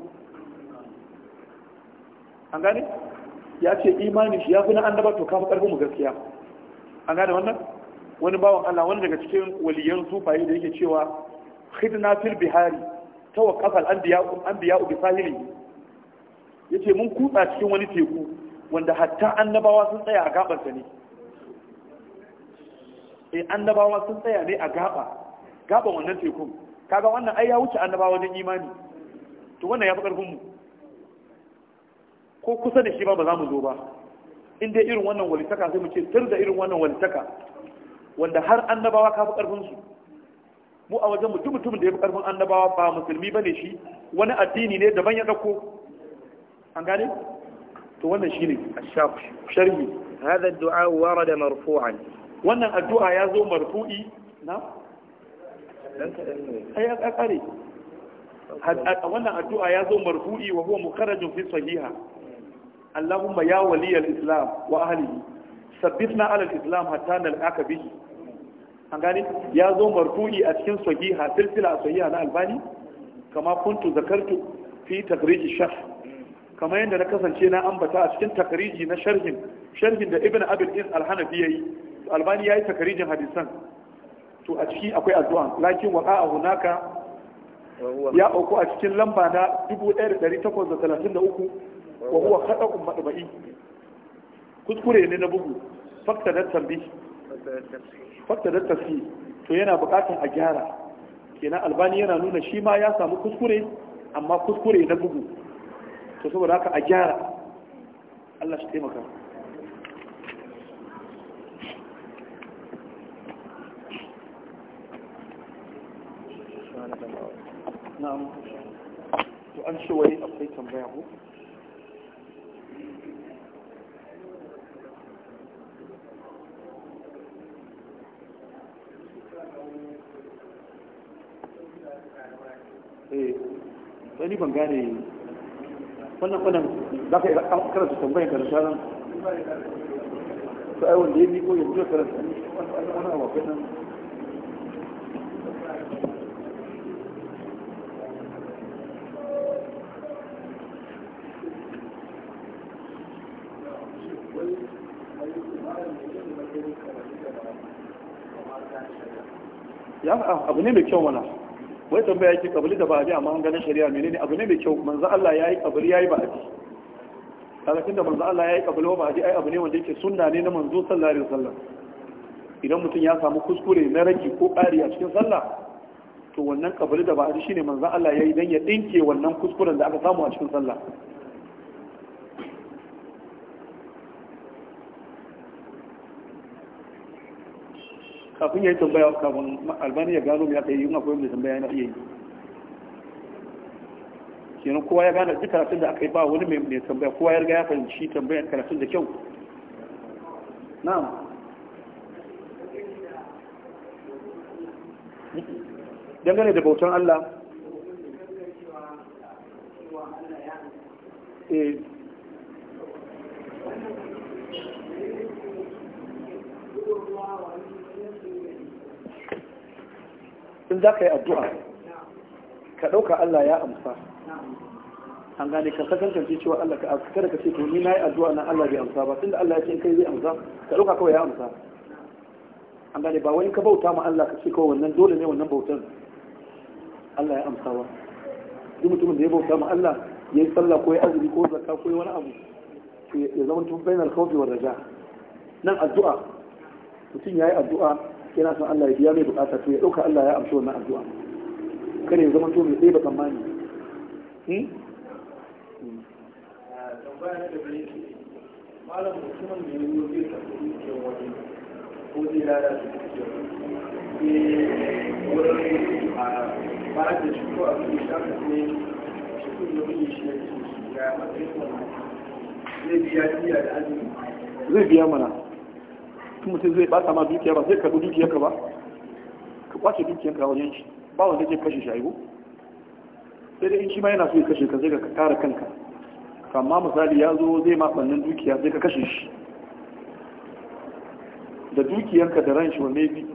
an gane ya ce imanin shi ya fi na annabawa to ka fi karfin mu gaskiya an gane wannan wani bawan Allah wani daga cikin waliyan sufaye da yake cewa khidna fil bihari tawaqqafa anbiya'u anbiya'u bi sahili yace mun kutsa cikin wani teku wanda hatta annabawa sun tsaya a gabarsa ne eh annabawa sun tsaya ne a gaba gaban wannan tekun kaga wannan ai ya wuce annabawa wajen imani to wannan ya fi ƙarfinmu. ko kusa da shi ba ba za mu zo ba in dai irin wannan walitaka sai mu ce tur da irin wannan walitaka wanda har annabawa ka fi ƙarfinsu, mu a wajen mutum mutumin da ya fi ƙarfin annabawa ba musulmi ba ne shi wani addini ne daban ya ɗauko an gane to wannan shine sharhi hadha ad-du'a warada marfu'an wannan addu'a ya zo marfu'i na ai ya kare wannan addu'a ya zo marfu'i wa huwa mukharrajun fi sahiha Allahumma ya waliyal islam wa ahlihi sabbitna ala al-islam hatta nal'aka bihi an gane ya zo marfu'i a cikin sahiha silsila sahiha na albani kama kuntu zakartu fi tagriji shah kamar yadda na kasance na ambata a cikin takariji na sharhin sharhin da ibn abin is alhanafi ya yi albani ya yi takarijin hadisan to a ciki akwai addu'a lakin wa a hunaka ya auku a cikin lamba na 1833 wa huwa khada'un madba'i kuskure ne na bugu fakta da tambi fakta da tafi to yana bukatan a gyara kenan albani yana nuna shi ma ya samu kuskure amma kuskure na bugu to saboda haka a gyara Allah shi taimaka na'am to an ce wai akwai tambaya ko eh sai ni ban gane wannan wannan za ka yi karanta tambayar karanta nan sai wanda ya bi ko yanzu karanta ne wannan abu nan ya abu ne mai kyau mana wai tambaya yake kabili da ba'adi amma an ganin shari'a menene abu ne mai kyau manzo Allah yayi kabili yayi ba'adi kaga tunda manzo Allah yayi kabili wa ba'adi ai abu ne wanda yake sunna ne na manzo sallallahu alaihi wasallam idan mutum ya samu kuskure na raki ko ƙari a cikin sallah to wannan kabili da ba'adi shine manzo Allah yayi dan ya dinke wannan kuskuren da aka samu a cikin sallah kafin ya yi tambaya kafin albani ya gano ya kai yin akwai da tambaya na iya yi kenan kowa ya gane duk karatun da aka yi ba wani mai mai tambaya kowa ya riga ya fahimci tambayar karatun da kyau na'am dangane da bautan Allah eh. in za ka yi addu'a ka ɗauka Allah ya amsa an gane ka kasance cewa Allah ka kada ka ce to ni na yi addu'a na Allah bai amsa ba tunda Allah ya ce in kai zai amsa ka ɗauka kawai ya amsa an gane ba wani ka bauta ma Allah ka ce kawai wannan dole ne wannan bautan, Allah ya amsa ba duk mutumin da ya bauta ma Allah ya yi sallah ko ya azumi ko zakka ko wani abu ya zama tun bainal khawfi wa raja nan addu'a mutum ya yi addu'a yana son Allah ya biya mai bukata to ya dauka Allah ya amshi wannan addu'a kada ya zama to mai ɗaya ba tsammani mutumin da ya zai a a ne da shi zai biya da zai biya mana in mutum zai bata ma dukiya ba zai karbi dukiyarka ba ka kwace dukiyarka wajen shi ba wanda zai kashe shi aibu sai dai in shi ma yana so ya kashe ka zai ka kare kanka amma misali ya zo zai ma ɓannin dukiya zai ka kashe shi da dukiyarka da ran shi wanne bi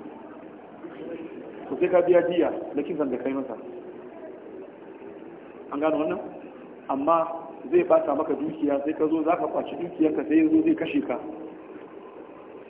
to sai ka biya diya na kisan da kai masa an gano wannan amma zai bata maka dukiya sai ka zo za ka kwaci dukiyarka sai ya zo zai kashe ka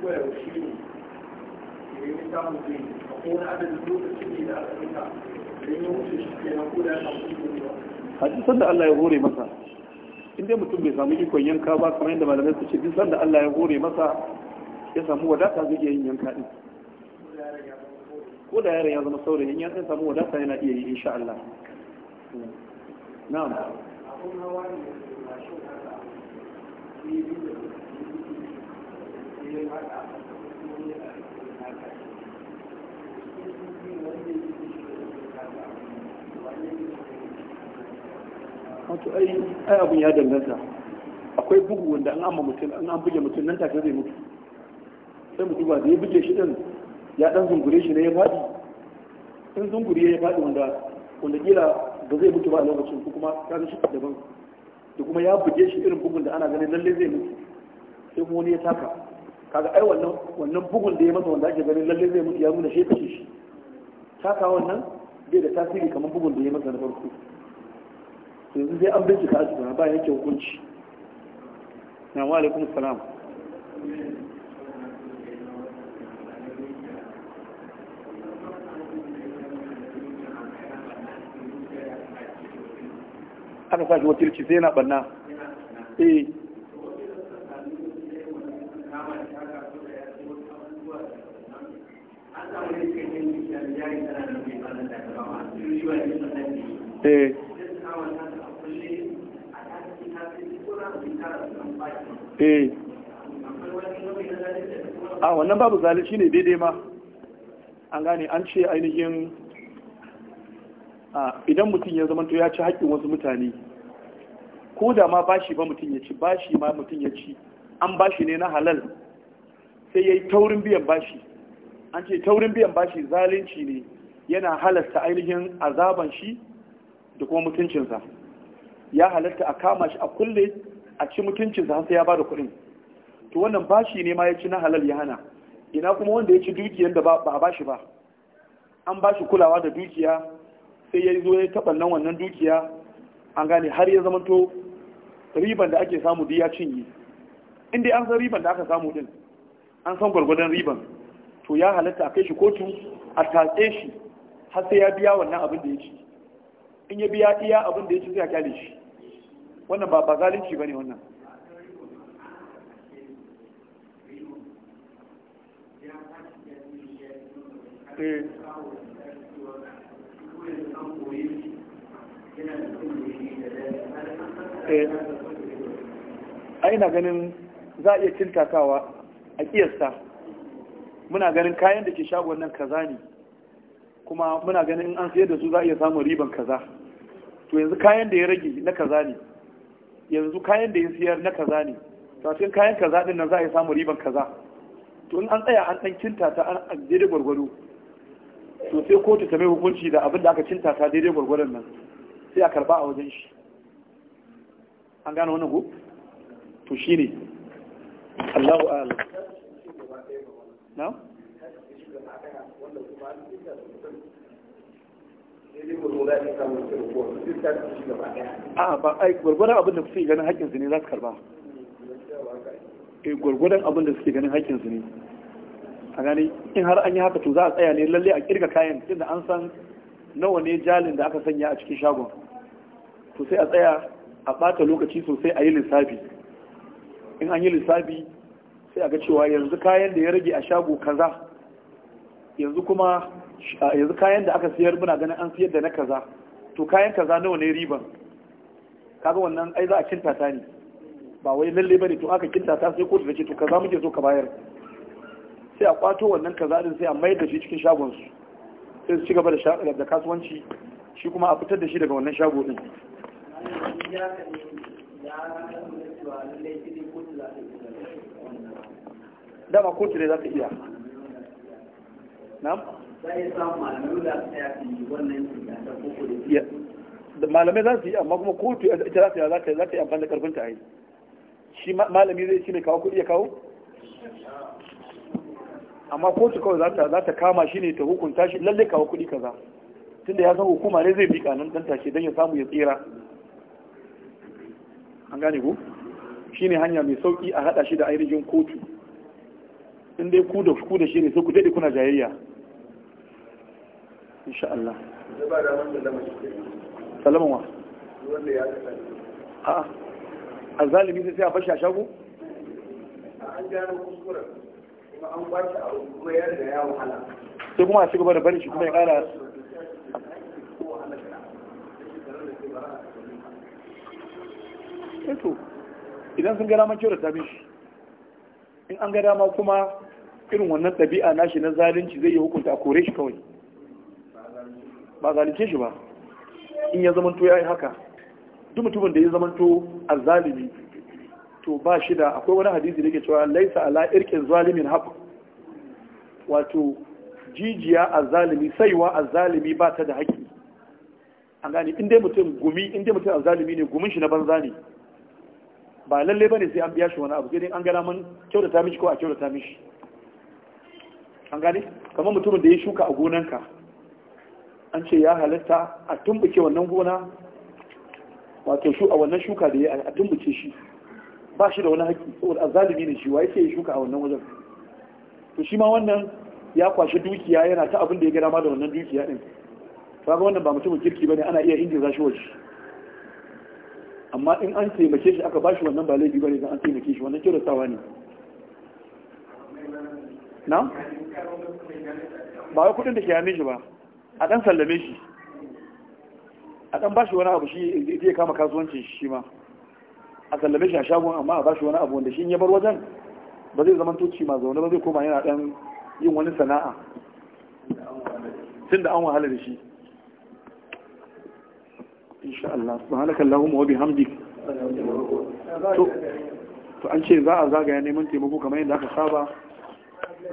ko yaushe ne idan ya samu zai a kowane adadin lokacin ne da aka rika idan ya wuce shi ke na ko da ya samu zai ba. hadisan da Allah ya hore masa in dai mutum bai samu ikon yanka ba kamar yadda malamai su ce duk sanda Allah ya hore masa ya samu wadata zai iya yin yanka din ko da yaron ya zama saurayi ya sai samu wadata yana iya yi insha Allah na'am abun hawa ne mashin haka wato ai abin ya danganta akwai bugu wanda an amma mutum an an buge mutum nan take zai mutu sai mutu ba da ya buge shi din ya dan zungure shi ne ya fadi in zungure ya fadi wanda wanda kila ba zai mutu ba a lokacin ko kuma ka ga shi daban da kuma ya buge shi irin bugun da ana ganin lalle zai mutu sai kuma wani ya taka kaga ai wannan wannan bugun da ya masa wanda ake ganin lalle zai mutu ya nuna shi kace shi taka wannan bai da tasiri kamar bugun da ya masa na farko to yanzu sai an bincika a cikin ba yake hukunci na wa alaikum salam aka sa shi wakilci sai yana banna eh Eh. Eh. a ah, wannan babu zalunci ne daidai ma an gane an ce ainihin ah, idan mutum ya zama ya ci haƙƙin wasu mutane ko da ma bashi ba mutum ya ci bashi ma mutum ya ci an bashi ne na halal sai ya yi taurin biyan bashi an ce taurin biyan bashi zalunci ne yana halasta ainihin azaban shi da kuma mutuncinsa ya halatta a kama shi a kulle a ci mutuncinsa har sai ya bada kuɗin to wannan bashi ne ma ya ci na halal ya hana ina kuma wanda ya ci dukiyar da ba a bashi ba an bashi kulawa da dukiya sai ya zo ya taɓa nan wannan dukiya an gane har ya zama to riban da ake samu duk ya cinye in dai an san riban da aka samu din an san gwargwadon riban to ya halatta a kai shi kotu a tatse shi har sai ya biya wannan abin da ya ci in ya biya iya abin ya ci zai kyale shi wannan ba zalunci ba ne wannan eh. eh. a ina ganin za a iya cintakawa a kiyasta muna ganin kayan da ke shagon nan kaza ne kuma muna ganin an sayar da su za a iya samun riban kaza to yanzu kayan da ya rage na kaza ne yanzu kayan da ya siyar na kaza ne to cikin kayan kaza din nan za a iya samun riban kaza to in an tsaya an dan kinta ta an daidai gwargwado to sai kotu ta mai hukunci da abin da aka cinta ta daidai gwargwadon nan sai a karba a wajen shi an gane wannan ko to shine Allahu a'lam na'am A'a da a ba ai gwargwadon abin da suke ganin haƙƙin su ne za su karba eh gwargwadon abin da suke ganin haƙƙin su ne a gani in har an yi haka to za a tsaya ne lalle a kirga kayan inda an san nawa ne jalin da aka sanya a cikin shagon to sai a tsaya a ɓata lokaci sosai a yi lissafi in an yi lissafi sai a ga cewa yanzu kayan da ya rage a shago kaza yanzu kuma yanzu kayan da aka siyar muna ganin an siyar da na kaza to kayan kaza nawa ne riban kaga wannan ai za a kinta ta ne ba wai lalle bane to aka kinta ta sai kotu ce to kaza muke so ka bayar sai a kwato wannan kaza din sai a mai da shi cikin shagon su sai su ci gaba da da kasuwanci shi kuma a fitar da shi daga wannan shago din dama kotu ne za ka iya na'am sai samu malamai da aka yi wannan da malamai za su yi amma kuma kotu ita za su yi za ta yi amfani da karfin ta yi shi malami zai shi mai kawo kuɗi ya kawo amma kotu kawai za ta kama shi ne ta hukunta shi lalle kawo kuɗi kaza tunda ya san hukuma ne zai bika nan dan tashe don ya samu ya tsira an gane ku shi ne hanya mai sauki a haɗa shi da ainihin kotu in dai ku da ku da shi ne sai ku daɗe kuna jayayya insha Allah Salamun wa a a zalimi sai a bashi a shago an gano kuskuren kuma an kwace a kuma ya ya wahala sai kuma a ci da bari shi kuma ya kara eto eh idan sun gara man da ta shi in an gara ma kuma irin wannan ɗabi'a nashi na zalunci zai yi hukunta a kore shi kawai ba zalunce shi ba in ya zamanto ya yi haka duk mutumin da ya zamanto a zalimi to ba shi da akwai wani hadisi da ke cewa laisa ala irkin zalimin haq wato jijiya a zalimi saiwa zalimi ba ta da haƙƙi an gani inda mutum gumi inda mutum a zalimi ne gumin shi na banza ne ba lalle ne sai an biya shi wani abu sai dai an gana mun kyautata mishi ko a kyautata mishi an gani kamar mutumin da ya shuka a gonanka an ce ya halatta a tumbuke wannan gona wato shu a wannan shuka da ya a tumbuke shi ba shi da wani haƙƙi saboda azalimi ne shi wa yake shuka a wannan wajen to shi ma wannan ya kwashi dukiya yana ta abin da ya gada ma da wannan dukiya din kaga wannan ba mutumin kirki bane ana iya injin shi waje amma in an taimake shi aka bashi wannan ba laifi bane dan an taimake shi wannan sawa ne na ba wai kudin da ke yame shi ba a ɗan sallame shi a ɗan bashi wani abu shi zai kama kasuwancin shi ma a sallame shi a shagon amma a bashi wani abu wanda shi ya bar wajen ba zai zama toci ma zaune ba zai koma yana ɗan yin wani sana'a tun da an wahala da shi insha Allah subhanaka Allahumma wa bihamdik to an ce za a zagaya neman taimako kamar yadda aka saba